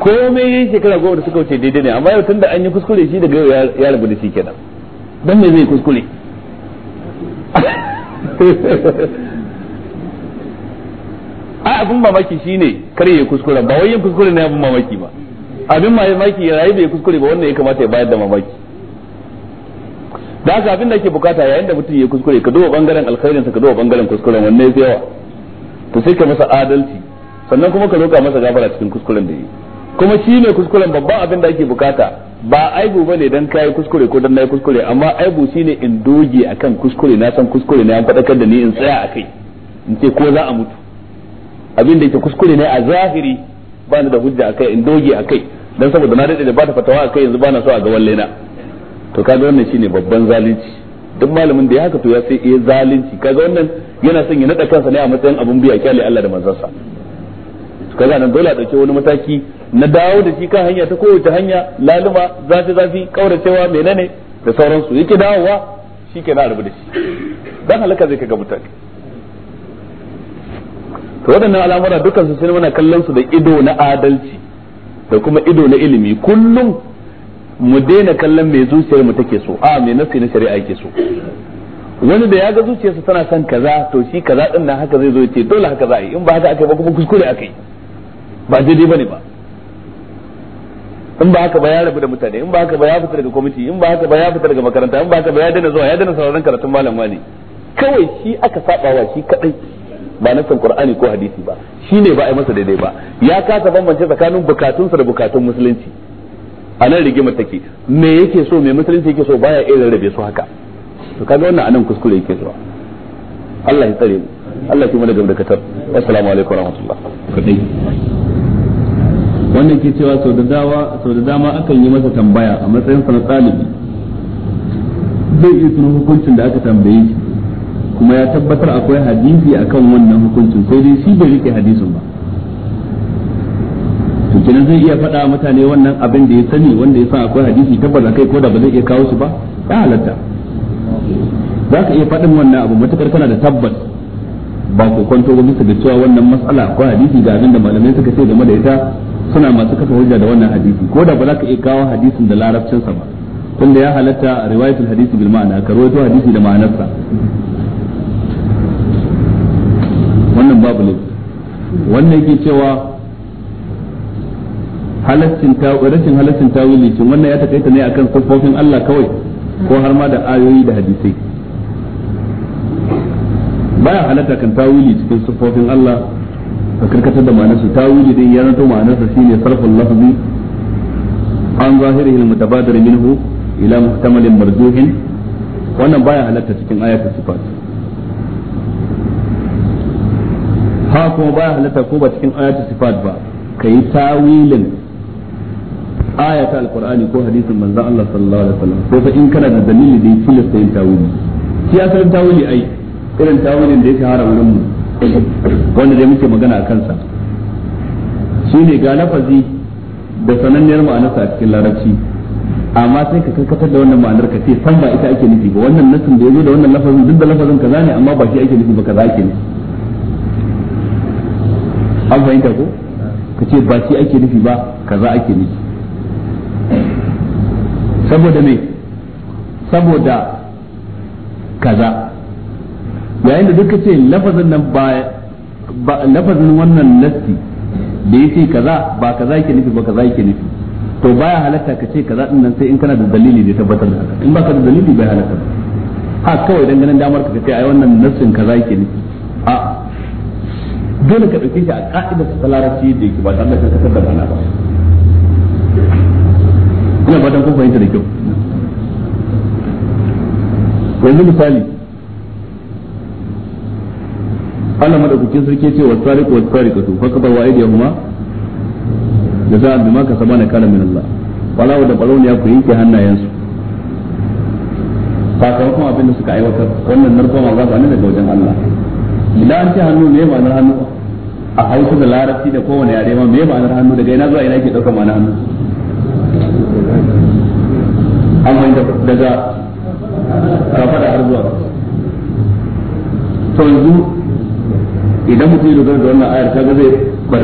komai yayin shekara goma da suka wuce daidai ne amma yau tunda an yi kuskure shi daga yau ya rabu da shi kenan dan me zai kuskure a abin mamaki shine kare ya kuskure ba wai yin kuskure ne abin mamaki ba abin mamaki ya rayu bai kuskure ba wannan ya kamata ya bayar da mamaki da haka abin da ake bukata yayin da mutum ya kuskure ka duba bangaren alkhairin sa ka duba bangaren kuskuren wanne ya fi yawa to sai ka masa adalci sannan kuma ka roka masa gafara cikin kuskuren da yi kuma shi ne kuskuren babban abin da ake bukata ba aibu bane dan kai kuskure ko dan nayi kuskure amma aibu shine in doge akan kuskure na san kuskure na an fadakar da ni in tsaya akai in ce ko za a mutu abin da yake kuskure ne a zahiri ba da hujja akai in doge akai dan saboda na dade da ba ta fatawa akai yanzu ba na so a ga wallena to kaga wannan shine babban zalunci duk malamin da ya haka to ya sai eh zalunci kaga wannan yana son ya nada kansa ne a matsayin abun biya kyale Allah da manzansa kaga nan dole a dauke wani mataki na dawo da shi kan hanya ta kowace hanya laluma zafi zafi kauracewa menene da sauransu yake dawowa shi ke na rubu da shi don halaka zai kaga mutane to waɗannan al'amura dukkan su sai muna kallon su da ido na adalci da kuma ido na ilimi kullum mu daina kallon mai zuciyar mu take so a mai nafi na shari'a yake so wani da ya ga zuciyarsa tana son kaza to shi kaza ɗin na haka zai zo ya ce dole haka za a yi in ba haka aka yi ba kuma kuskure aka yi ba daidai ne ba in ba haka ba ya rabu da mutane in ba haka ba ya fita daga kwamiti in ba haka ba ya fita daga makaranta in ba haka ba ya dana zuwa ya dana sauraron karatun malam wani kawai shi aka saba wa shi kadai ba na san qur'ani ko hadisi ba shi ne ba ai masa daidai ba ya kasa bambance tsakanin sa da bukatun musulunci a nan rigimar take me yake so me musulunci yake so baya iya rarrabe su haka to kaga wannan anan kuskure yake zuwa Allah ya tsare mu Allah ya kuma da katar assalamu alaikum warahmatullahi wabarakatuh wannan ke cewa sau da dawa sau da dama akan yi masa tambaya a matsayin sa na ɗalibi zai iya tuno hukuncin da aka tambaye shi kuma ya tabbatar akwai hadisi akan wannan hukuncin sai dai shi bai rike hadisin ba to kenan zai iya faɗa mutane wannan abin da ya sani wanda ya san akwai hadisi tabbas akai ko da ba zai iya kawo su ba ya halatta za ka iya faɗin wannan abu matukar kana da tabbas ba ko kwanto ba bisa da cewa wannan matsala akwai hadisi ga abin da malamai suka ce game da ita suna masu kafa hujja da wannan hadisi ko da ba za ka iya kawo hadisin da larabcinsa ba tunda ya halatta riwayatul hadisi bil ma'ana ka rawaito hadisi da ma'anarsa wannan babu ne wannan yake cewa halaccin rashin halaccin tawili cin wannan ya takaita ne akan siffofin Allah kawai ko har ma da ayoyi da hadisai baya halatta kan tawili cikin siffofin Allah ka karkatar da ma'anarsa tawili dai ya zanto ma'anarsa shine sarful lafzi an zahirihi almutabadir minhu ila muhtamalin marjuhin wannan baya halatta cikin ayatul sifat ha kuma baya halatta ko ba cikin ayatul sifat ba kai tawilin ayata alqur'ani ko hadisin manzon Allah sallallahu alaihi wasallam sai fa in kana da dalili da yake tilasta yin tawili shi asalin tawili ai irin tawilin da ya shahara wurin mu wanda dai muke magana a kansa su ne ga lafazi da sananniyar ma'anarsa a cikin larabci amma sai ka karkatar da wannan ma'anar ka ce san ba ita ake nufi ba wannan nasin da ya zo da wannan lafazin duk da lafazin kaza ne amma ba shi ake nufi ba kaza ake nufi an fahimta ko ka ce ba shi ake nufi ba kaza ake nufi saboda me saboda kaza yayin da duka ce lafazin nan ba lafazin wannan lasti da yace kaza ba kaza yake nufi ba kaza yake nufi to baya halatta ka ce kaza din nan sai in kana da dalili da tabbatar da haka in baka da dalili bai halatta ha kawai dan ganin damar ka ce ai wannan nassin kaza yake nufi a dole ka dauke shi a ka'ida ta larabci da yake ba tare da ka kasar da bana ba ina fatan kun fahimta da kyau yanzu misali Allah madaukakin sarki ce wa sariqu wa sariqatu da wa aydihuma jazaa'an bima kasabana kana min Allah wala da balon ya ku yanke hannayensu sakamakon abin da suka aiwatar wannan narkon za ne daga wajen Allah idan an ce hannu me ma'anar hannu a hausa da larabci da kowane yare ma me ma'anar hannu daga ina zuwa ina yake ɗaukar ma'anar hannu an fahimta daga kafaɗa har zuwa to yanzu idan mutum ya dogara da wannan ayar kaga zai bar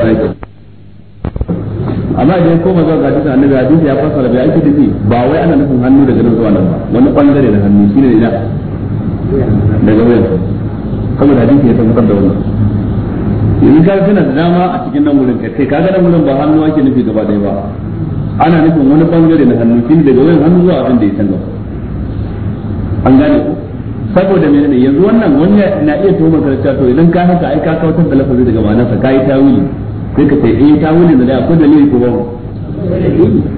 amma idan koma zuwa ga dukkan annabi hadisi ya fassara bai ake dafi ba wai ana nufin hannu daga nan zuwa nan ba wani bangare da hannu shine ne na daga wayan da hadisi ya tabbatar da wannan yanzu ka kana da dama a cikin nan wurin kai kaga nan wurin ba hannu ake nufi gaba ɗaya ba ana nufin wani bangare na hannu shine daga wayan hannu zuwa abin da ya canza an gane ku saboda ne yanzu wannan wani na iya tuhumar karanta to idan ka haka ai ka da lafazi daga ka yi sai ka sai eh, da akwai dalili ko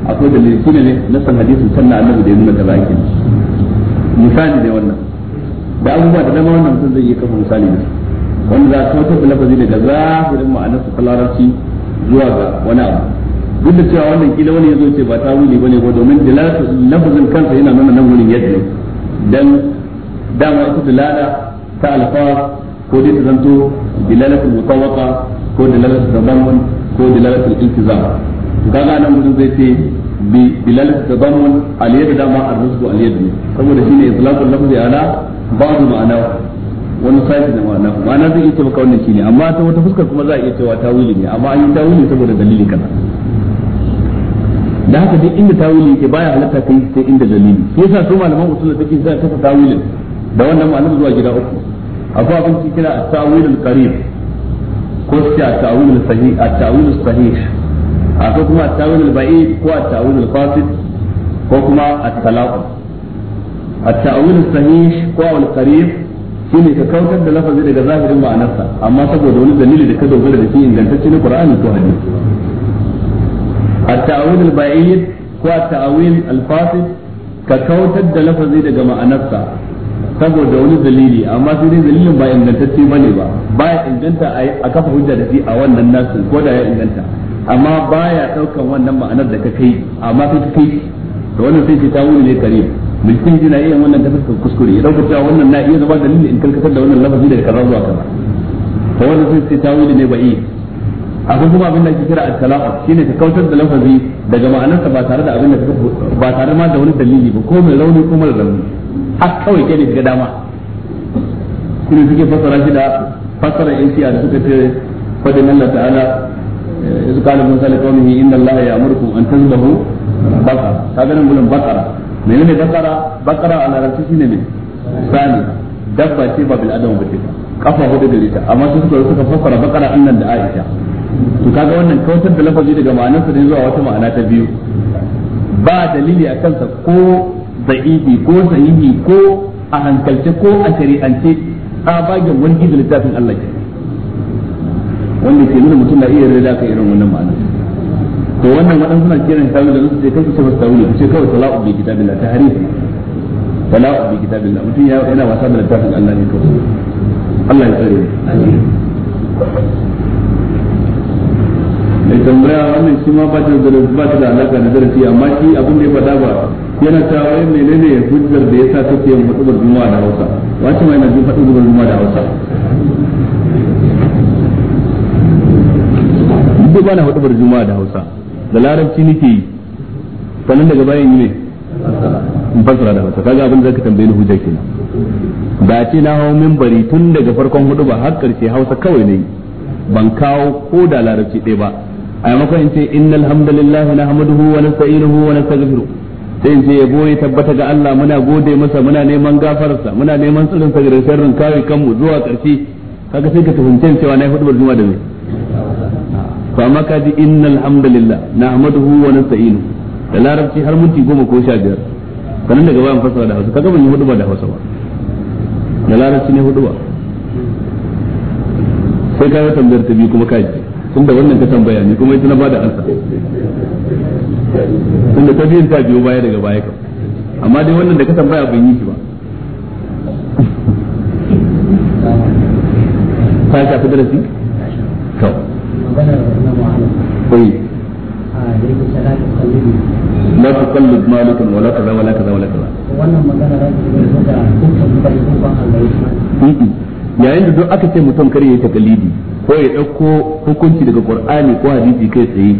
akwai dalili ne na san hadisin annabi da misali ne wannan da abubuwa da dama wannan zai yi kafa misali da wanda za a da lafazi daga zahirin zuwa ga wani abu duk da cewa wannan kila wani ya zo ce ba tawili bane ba domin da lafazin kansa yana nuna nan wurin yadda dan dama ita dilala ta alfaz ko dai ta zanto dilalatul mutawaqa ko dilalatul ko iltizam kaga nan zai ce bi dama saboda shine lafzi ala ba'd ma'ana wani da ma'ana ma'ana zai maka wannan shine amma ta wata fuskar kuma za a iya cewa tawili ne amma an yi tawili saboda dalili kaza da haka duk inda tawili yake baya halatta kai sai inda dalili shi yasa su malaman usul da suke tawilin da wannan ma'anar zuwa gida uku akwai abin cikin kira at al qarib ko su ce at-tawilul sahih at-tawilul sahih akwai kuma at-tawilul ba'id ko at al fasid ko kuma at-talaqu at-tawilul sahih ko al-qarib shine ka kautar da lafazi daga zahirin ma'anarsa amma saboda wani dalili da ka dogara da shi ingantacce na Qur'ani ko hadisi at-tawilul ba'id ko at-tawil al-fasid ka kautar da lafazi daga ma'anarsa saboda wani dalili amma sai dai dalilin ba ingantacce bane ba baya inganta a kafa hujja da shi a wannan nasu ko da ya inganta amma baya daukan wannan ma'anar da ka kai amma sai ka kai da wannan sai ce tawili ne kare mulkin jina iya wannan ta fuskar kuskure ya dauka cewa wannan na iya zama dalili in kalkatar da wannan lafazi daga kaza zuwa kaza to wannan sai ce tawili ne ba ba'i akwai kuma abin da ake kira al-talaqa shine ka kautar da lafazi daga ma'anarsa ba tare da abin da ba tare ma da wani dalili ba ko mai rauni ko mara rauni har kawai kai ne ga dama kuma suke fasara shi da fasara yan shi'a da suka ce fadin Allah ta'ala yanzu eh, kana musa da kawai inda Allah ya murku an tazbahu bakara kaga nan gurin bakara menene bakara bakara a larabci shine ne sani dabba ce ba bil adam ba ce kafa hudu da ta amma su suka suka fasara bakara annan da Aisha to kaga wannan kautar da lafazi daga ma'anarsa ne zuwa wata ma'ana ta biyu ba dalili a kansa ko sahihi ko sahihi ko a hankalce ko a shari'ance tsabagen wani gizo littafin Allah ke wanda ke nuna mutum na iya rida kan irin wannan ma'ana to wannan wadan suna kiran tawi da su ce kai ce wasu tawi ce kawai sala'u bi kitabillah ta harif sala'u bi kitabillah mutum yana wasa da littafin Allah ne to Allah ya tsare mai tambaya wannan shi ma ba ta da ba ta da alaka da darasi amma shi abin da ya faɗa ba yana cewa wai menene hujjar da yasa kake yin hudubar juma'a da Hausa wace ma yana jin faɗi hudubar juma'a da Hausa duk ba na faɗi hudubar juma'a da Hausa da larabci nake yi sannan daga bayan yi ne in fasara da Hausa kaga abin da zaka tambaye ni hujja kenan ba ce na hawo minbari tun daga farkon hudu ba har karshe Hausa kawai ne ban kawo ko da larabci ɗaya ba a maimakon in ce innal hamdalillah nahmaduhu wa nasta'inuhu wa nastaghfiruh sai in ce ya ya tabbata ga Allah muna gode masa muna neman gafararsa muna neman tsirin sa da sharrin kawai kanmu zuwa ƙarshe kaga sai ka tuhunce cewa nayi hudubar juma'a da mai to amma ka ji innal hamdalillah nahmaduhu wa nasta'inu da larabci har minti goma ko sha biyar kanan daga bayan fasara da Hausa kaga ban yi huduba da Hausa ba da larabci ne ba. sai ka yi tambayar ta biyu kuma ka ji tunda wannan ta tambaya ne kuma ita na bada ansa tunda ta biyan ta biyo baya daga baya kam amma dai wannan da ka tambaya ban yi shi ba ka shafi darasi to kai la tuqallid malikan wala kaza wala kaza wala kaza wannan magana da dukkan mutane ko ban Allah yayin da duk aka ce mutum kare yayi takalidi ko ya dauko hukunci daga qur'ani ko hadisi kai tsaye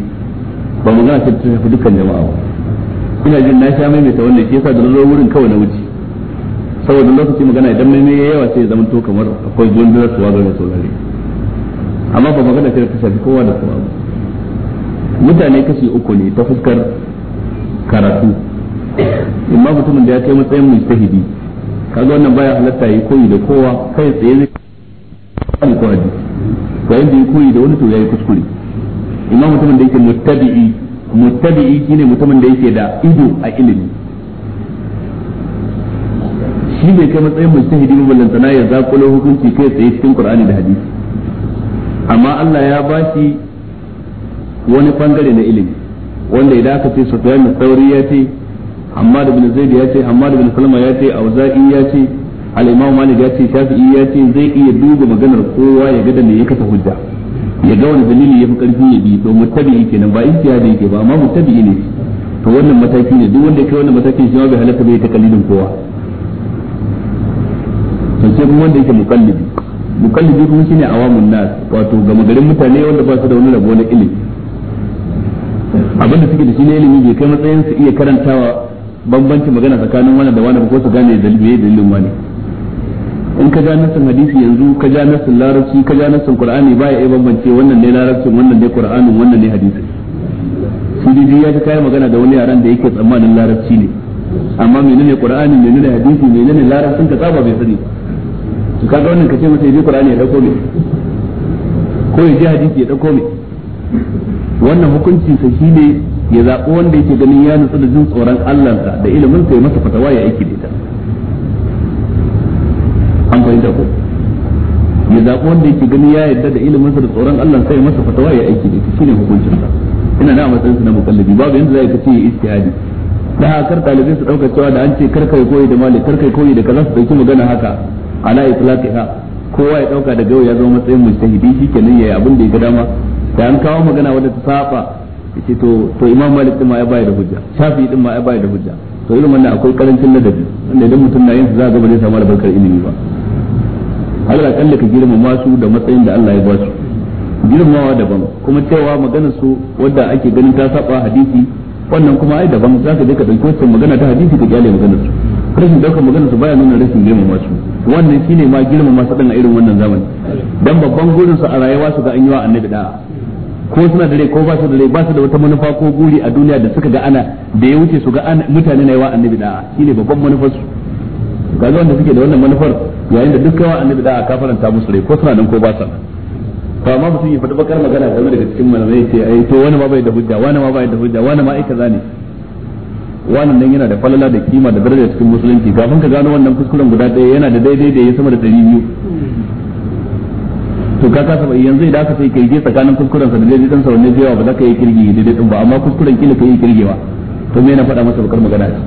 ba gana ta tafi dukkan jama'a ba ina jin na sha maimaita wannan shi yasa da zo wurin kawai na wuce saboda lokaci magana idan mai mai yawa sai ya zama to kamar akwai gundurar suwa ga saurare amma ba magana ta ta shafi kowa da kowa ba mutane kashi uku ne ta fuskar karatu imma mutumin da ya kai matsayin mujtahidi kaga wannan baya halatta yi koyi da kowa kai tsaye zai kai ko aji ko inda yi koyi da wani to yayi kuskure imam mutumin da yake muttabi'i muttabi'i shine mutumin da yake da ido a ilimi shi bai kai matsayin mujtahidi ba ballantana ya zakulo hukunci kai tsaye cikin qur'ani da hadisi amma Allah ya bashi wani bangare na ilimi wanda idan aka ce Sufyan al-Thawri ya ce Hammad bin Zaid ya ce Hammad bin Salma ya ce Auza'i ya ce al-Imam Malik ya ce Shafi'i ya ce zai iya duba maganar kowa ya ga da ya kasa hujja ya ga wani dalili ya fi karfi ya bi to muttabi'i kenan ba ijtihadi yake ba amma muttabi'i ne to wannan mataki ne duk wanda ya kai wannan matakin shi ma bai halatta bai ta kalilin kowa to sai kuma wanda yake muqallidi muqallidi kuma shine awamun nas wato gama garin mutane wanda ba su da wani rabo na ilimi abin da suke da shi ne ilimi bai kai matsayin su iya karantawa bambanci magana tsakanin wannan da wani ko su gane da dalilin wani in ka ja nassin hadisi yanzu ka ja nassin larabci ka ja nassin qur'ani ba ya bambance wannan ne larabcin wannan ne qur'anin wannan ne hadisi sirri ya ji kai magana da wani yaran da yake tsammanin larabci ne amma menene qur'ani menene hadisi menene larabcin ka tsaba bai sani to kaga wannan kace masa yaji qur'ani ya dauko me ko yaji hadisi ya dauko me wannan hukunci sa ne. ya zaɓi wanda yake ganin ya nutsu da jin tsoron Allahnsa da ilimin sa ya masa fatawa ya aiki da ita an fahimta ko ya zaɓi wanda yake ganin ya yarda da ilimin sa da tsoron Allahnsa ya masa fatawa ya aiki da ita shine hukuncin sa ina da matsayin sa na mukallabi babu yanzu zai kace istihadi ijtihadi da hakar ɗalibai su ɗauka cewa da an ce karkai koyi da kar karkai koyi da kaza su dauki magana haka ala itlaqiha kowa ya ɗauka daga yau ya zama matsayin mujtahidi shikenan yayi abin da ya ga dama da an kawo magana wadda ta saba yace to to imam malik din ma ya bai da hujja shafi din ma ya bai da hujja to irin wannan akwai karancin ladabi wanda idan mutum na yin su za ga ba zai samu albarkar ilimi ba Allah kalle ka girma masu da matsayin da Allah ya ba su girmawa daban kuma cewa maganar su wadda ake ganin ta saba hadisi wannan kuma ai daban za ka je ka dauki wacce magana ta hadisi ka kyale maganar su rashin daukar maganar su baya nuna rashin girmama su wannan shine ma girmama su dan a irin wannan zamani dan babban gurin su a rayuwa su ga an yi wa annabi da'a ko suna da rai ko ba su da rai ba su da wata manufa ko guri a duniya da suka ga ana da ya wuce su ga mutane na yawa annabi da'a shine babban manufar su kaga wanda suke da wannan manufar yayin da dukkan annabi da'a ka faranta musu rai ko suna nan ko ba su to amma mutum ya faɗi bakar magana game daga cikin malamai ce ai to wani ma bai da hujja wani ma bai da hujja wani ma aika kaza wannan nan yana da falala da kima da daraja cikin musulunci kafin ka gano wannan kuskuren guda ɗaya yana da daidai da ya sama da ɗari biyu to ka kasa bai yanzu idan aka sai je tsakanin kuskuren sa da daidai dan sauran da yawa ba za ka yi kirge dai-dai din ba amma kuskuren kila ka yi kirgewa to me na faɗa masa bakar magana ce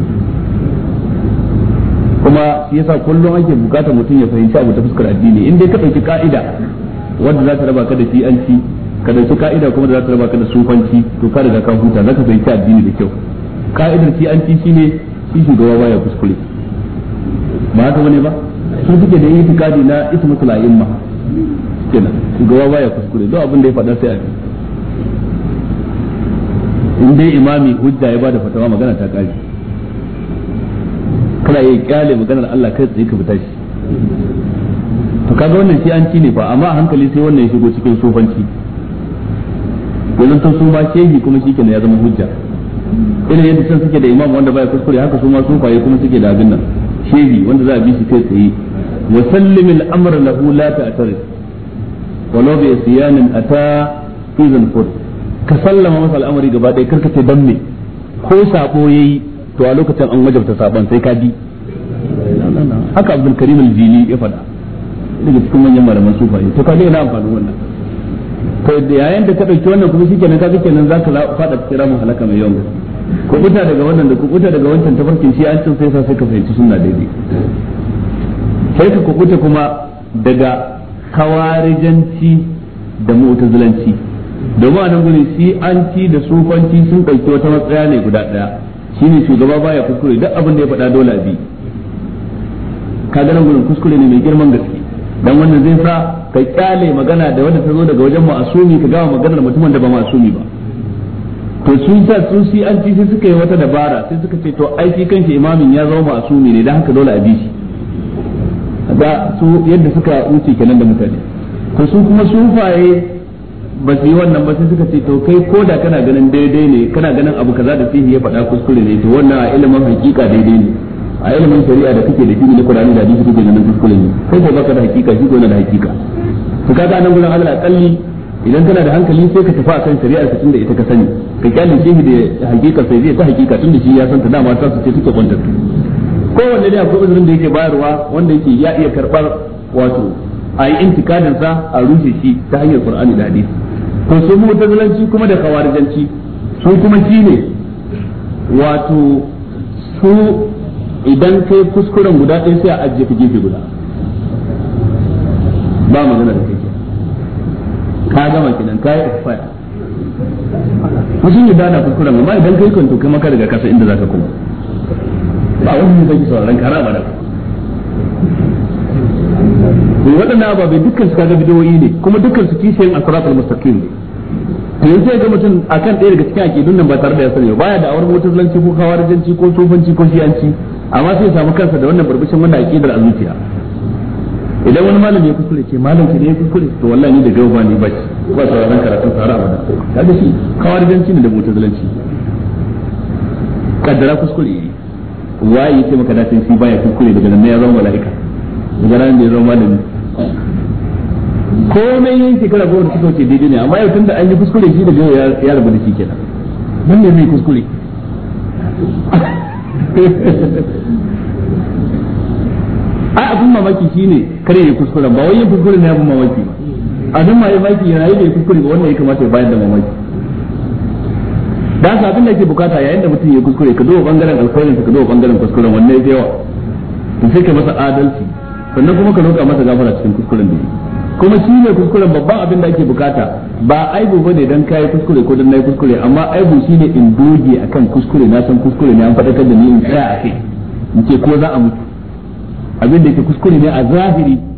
kuma shi yasa kullum ake bukatar mutum ya fahimci abu ta fuskar addini in dai ka ɗauki ka'ida wanda za ta raba ka da fi'anci ka ɗauki ka'ida kuma da za ta raba ka da sufanci to ka riga ka huta za ka fahimci addini da kyau ka'idar fi'anci shine shi shugaba ya kuskure ba haka bane ba sun suke da itikadi na ismatul kenan shugaba baya kuskure don abin da ya faɗa sai a in dai imami hujja ya bada fatawa magana ta kare kana yi kyale maganar Allah kai tsaye ka fita shi to kaga wannan shi an ci ne fa amma hankali sai wannan ya shigo cikin sofanci wajen ta su ba shehi kuma shi kenan ya zama hujja irin yadda can suke da imam wanda baya kuskure haka su ma sofaye kuma suke da abin nan shehi wanda za a bi shi kai tsaye wa sallimil amra lahu la ta'tarif walau bi isyanin ata izin fud ka sallama masa al'amari gaba ɗaya karka ce dan me ko sabo yayi to a lokacin an wajabta saban sai ka bi haka abdul karim al ya faɗa daga cikin manyan malaman sufaye to kaje ina amfani wannan to da yayin da ka dauki wannan kuma shikenan kaga kenan zaka fada cikin ramin halaka mai yawan gaske ku kuta daga wannan da ku kuta daga wancan tafarkin shi an cin sai sa sai ka fahimci sunna daidai sai ka kubuta kuma daga kawarijanci da mu'tazilanci domin a nan gurin shi anci da sufanci sun ɗauki wata matsaya ne guda ɗaya shine shugaba baya kuskure duk abin da ya faɗa dole bi ka ga nan gurin kuskure ne mai girman gaske dan wannan zai sa ka kyale magana da wanda ta zo daga wajen ma'asumi ka gawa maganar mutumin da ba ma'asumi ba to sun sa sun si an sai suka yi wata dabara sai suka ce to aiki kanki imamin ya zama ma'asumi ne dan haka dole a bi shi da su yadda suka wuce kenan da mutane ko su kuma sufaye ba su yi wannan ba sai suka ce to kai ko da kana ganin daidai ne kana ganin abu kaza da fihi ya faɗa kuskure ne to wannan a ilimin hakika daidai ne a ilimin shari'a da kake da shi ne Qur'ani da hadisi kake ganin kuskure ne kai ko baka da hakika shi ko da hakika to kaga nan gurin Allah kalli idan kana da hankali sai ka tafi akan shari'a ka tunda ita ka sani ka kyale shi da hakika sai zai ta hakika tunda shi ya san ta dama ta su ce suke kwantar kowanne ne akwai uzurin da yake bayarwa wanda yake ya iya karbar wato a yi intikadin sa a rushe shi ta hanyar qur'ani da hadisi ko su mutazilanci kuma da khawarijanci su kuma shine wato su idan kai kuskuren guda ɗaya sai a ajiye ka gefe guda ba magana da kai ka gama kinan ka yi expire mutum ya dana kuskuren amma idan kai kwanto kai maka daga kasa inda zaka koma ba wani zai sauraron kara ba da to waɗannan ababe dukkan su kaga bidiyoyi ne kuma dukkan su kishiyan asratul mustaqim ne to yanzu ga mutum akan ɗaya daga cikin ake nan ba tare da ya sani ba baya da awar mutunci ko kawarijanci ko tsofanci ko shiyanci amma sai samu kansa da wannan barbishin wannan aqidar a zuciya idan wani malam ya kuskure ce malam ki ne ya kuskure to wallahi ni da gaba ba ni ba shi ba sauraron karatun sa har abada kaga shi kawarijanci ne da mutunci kaddara kuskure ne waye yace maka da sai baya kuskure daga nan ya zama mala'ika daga nan ne zama malami komai yin shekara goma da suka wuce daidai ne amma yau tunda an yi kuskure shi da yau ya rabu da shi kenan nan ne mai kuskure a abin mamaki ne kare ya kuskuren ba wani yin kuskure ne abin mamaki ba abin mamaki ya rayu da ya kuskure ba wannan ya kamata ya bayan da mamaki dan sa abin da yake bukata yayin da mutum ya kuskure ka duba bangaren alkhairin ka duba bangaren kuskuren wanne ya yawa to sai ka masa adalci sannan kuma ka roƙa masa gafara cikin kuskuren da kuma shi ne kuskuren babban abin da ake bukata ba aibu ba ne dan kai kuskure ko dan nayi kuskure amma aibu shi ne in doge akan kuskure na san kuskure ne an fadakar da ni in tsaya a kai in ce ko za a mutu abin da yake kuskure ne a zahiri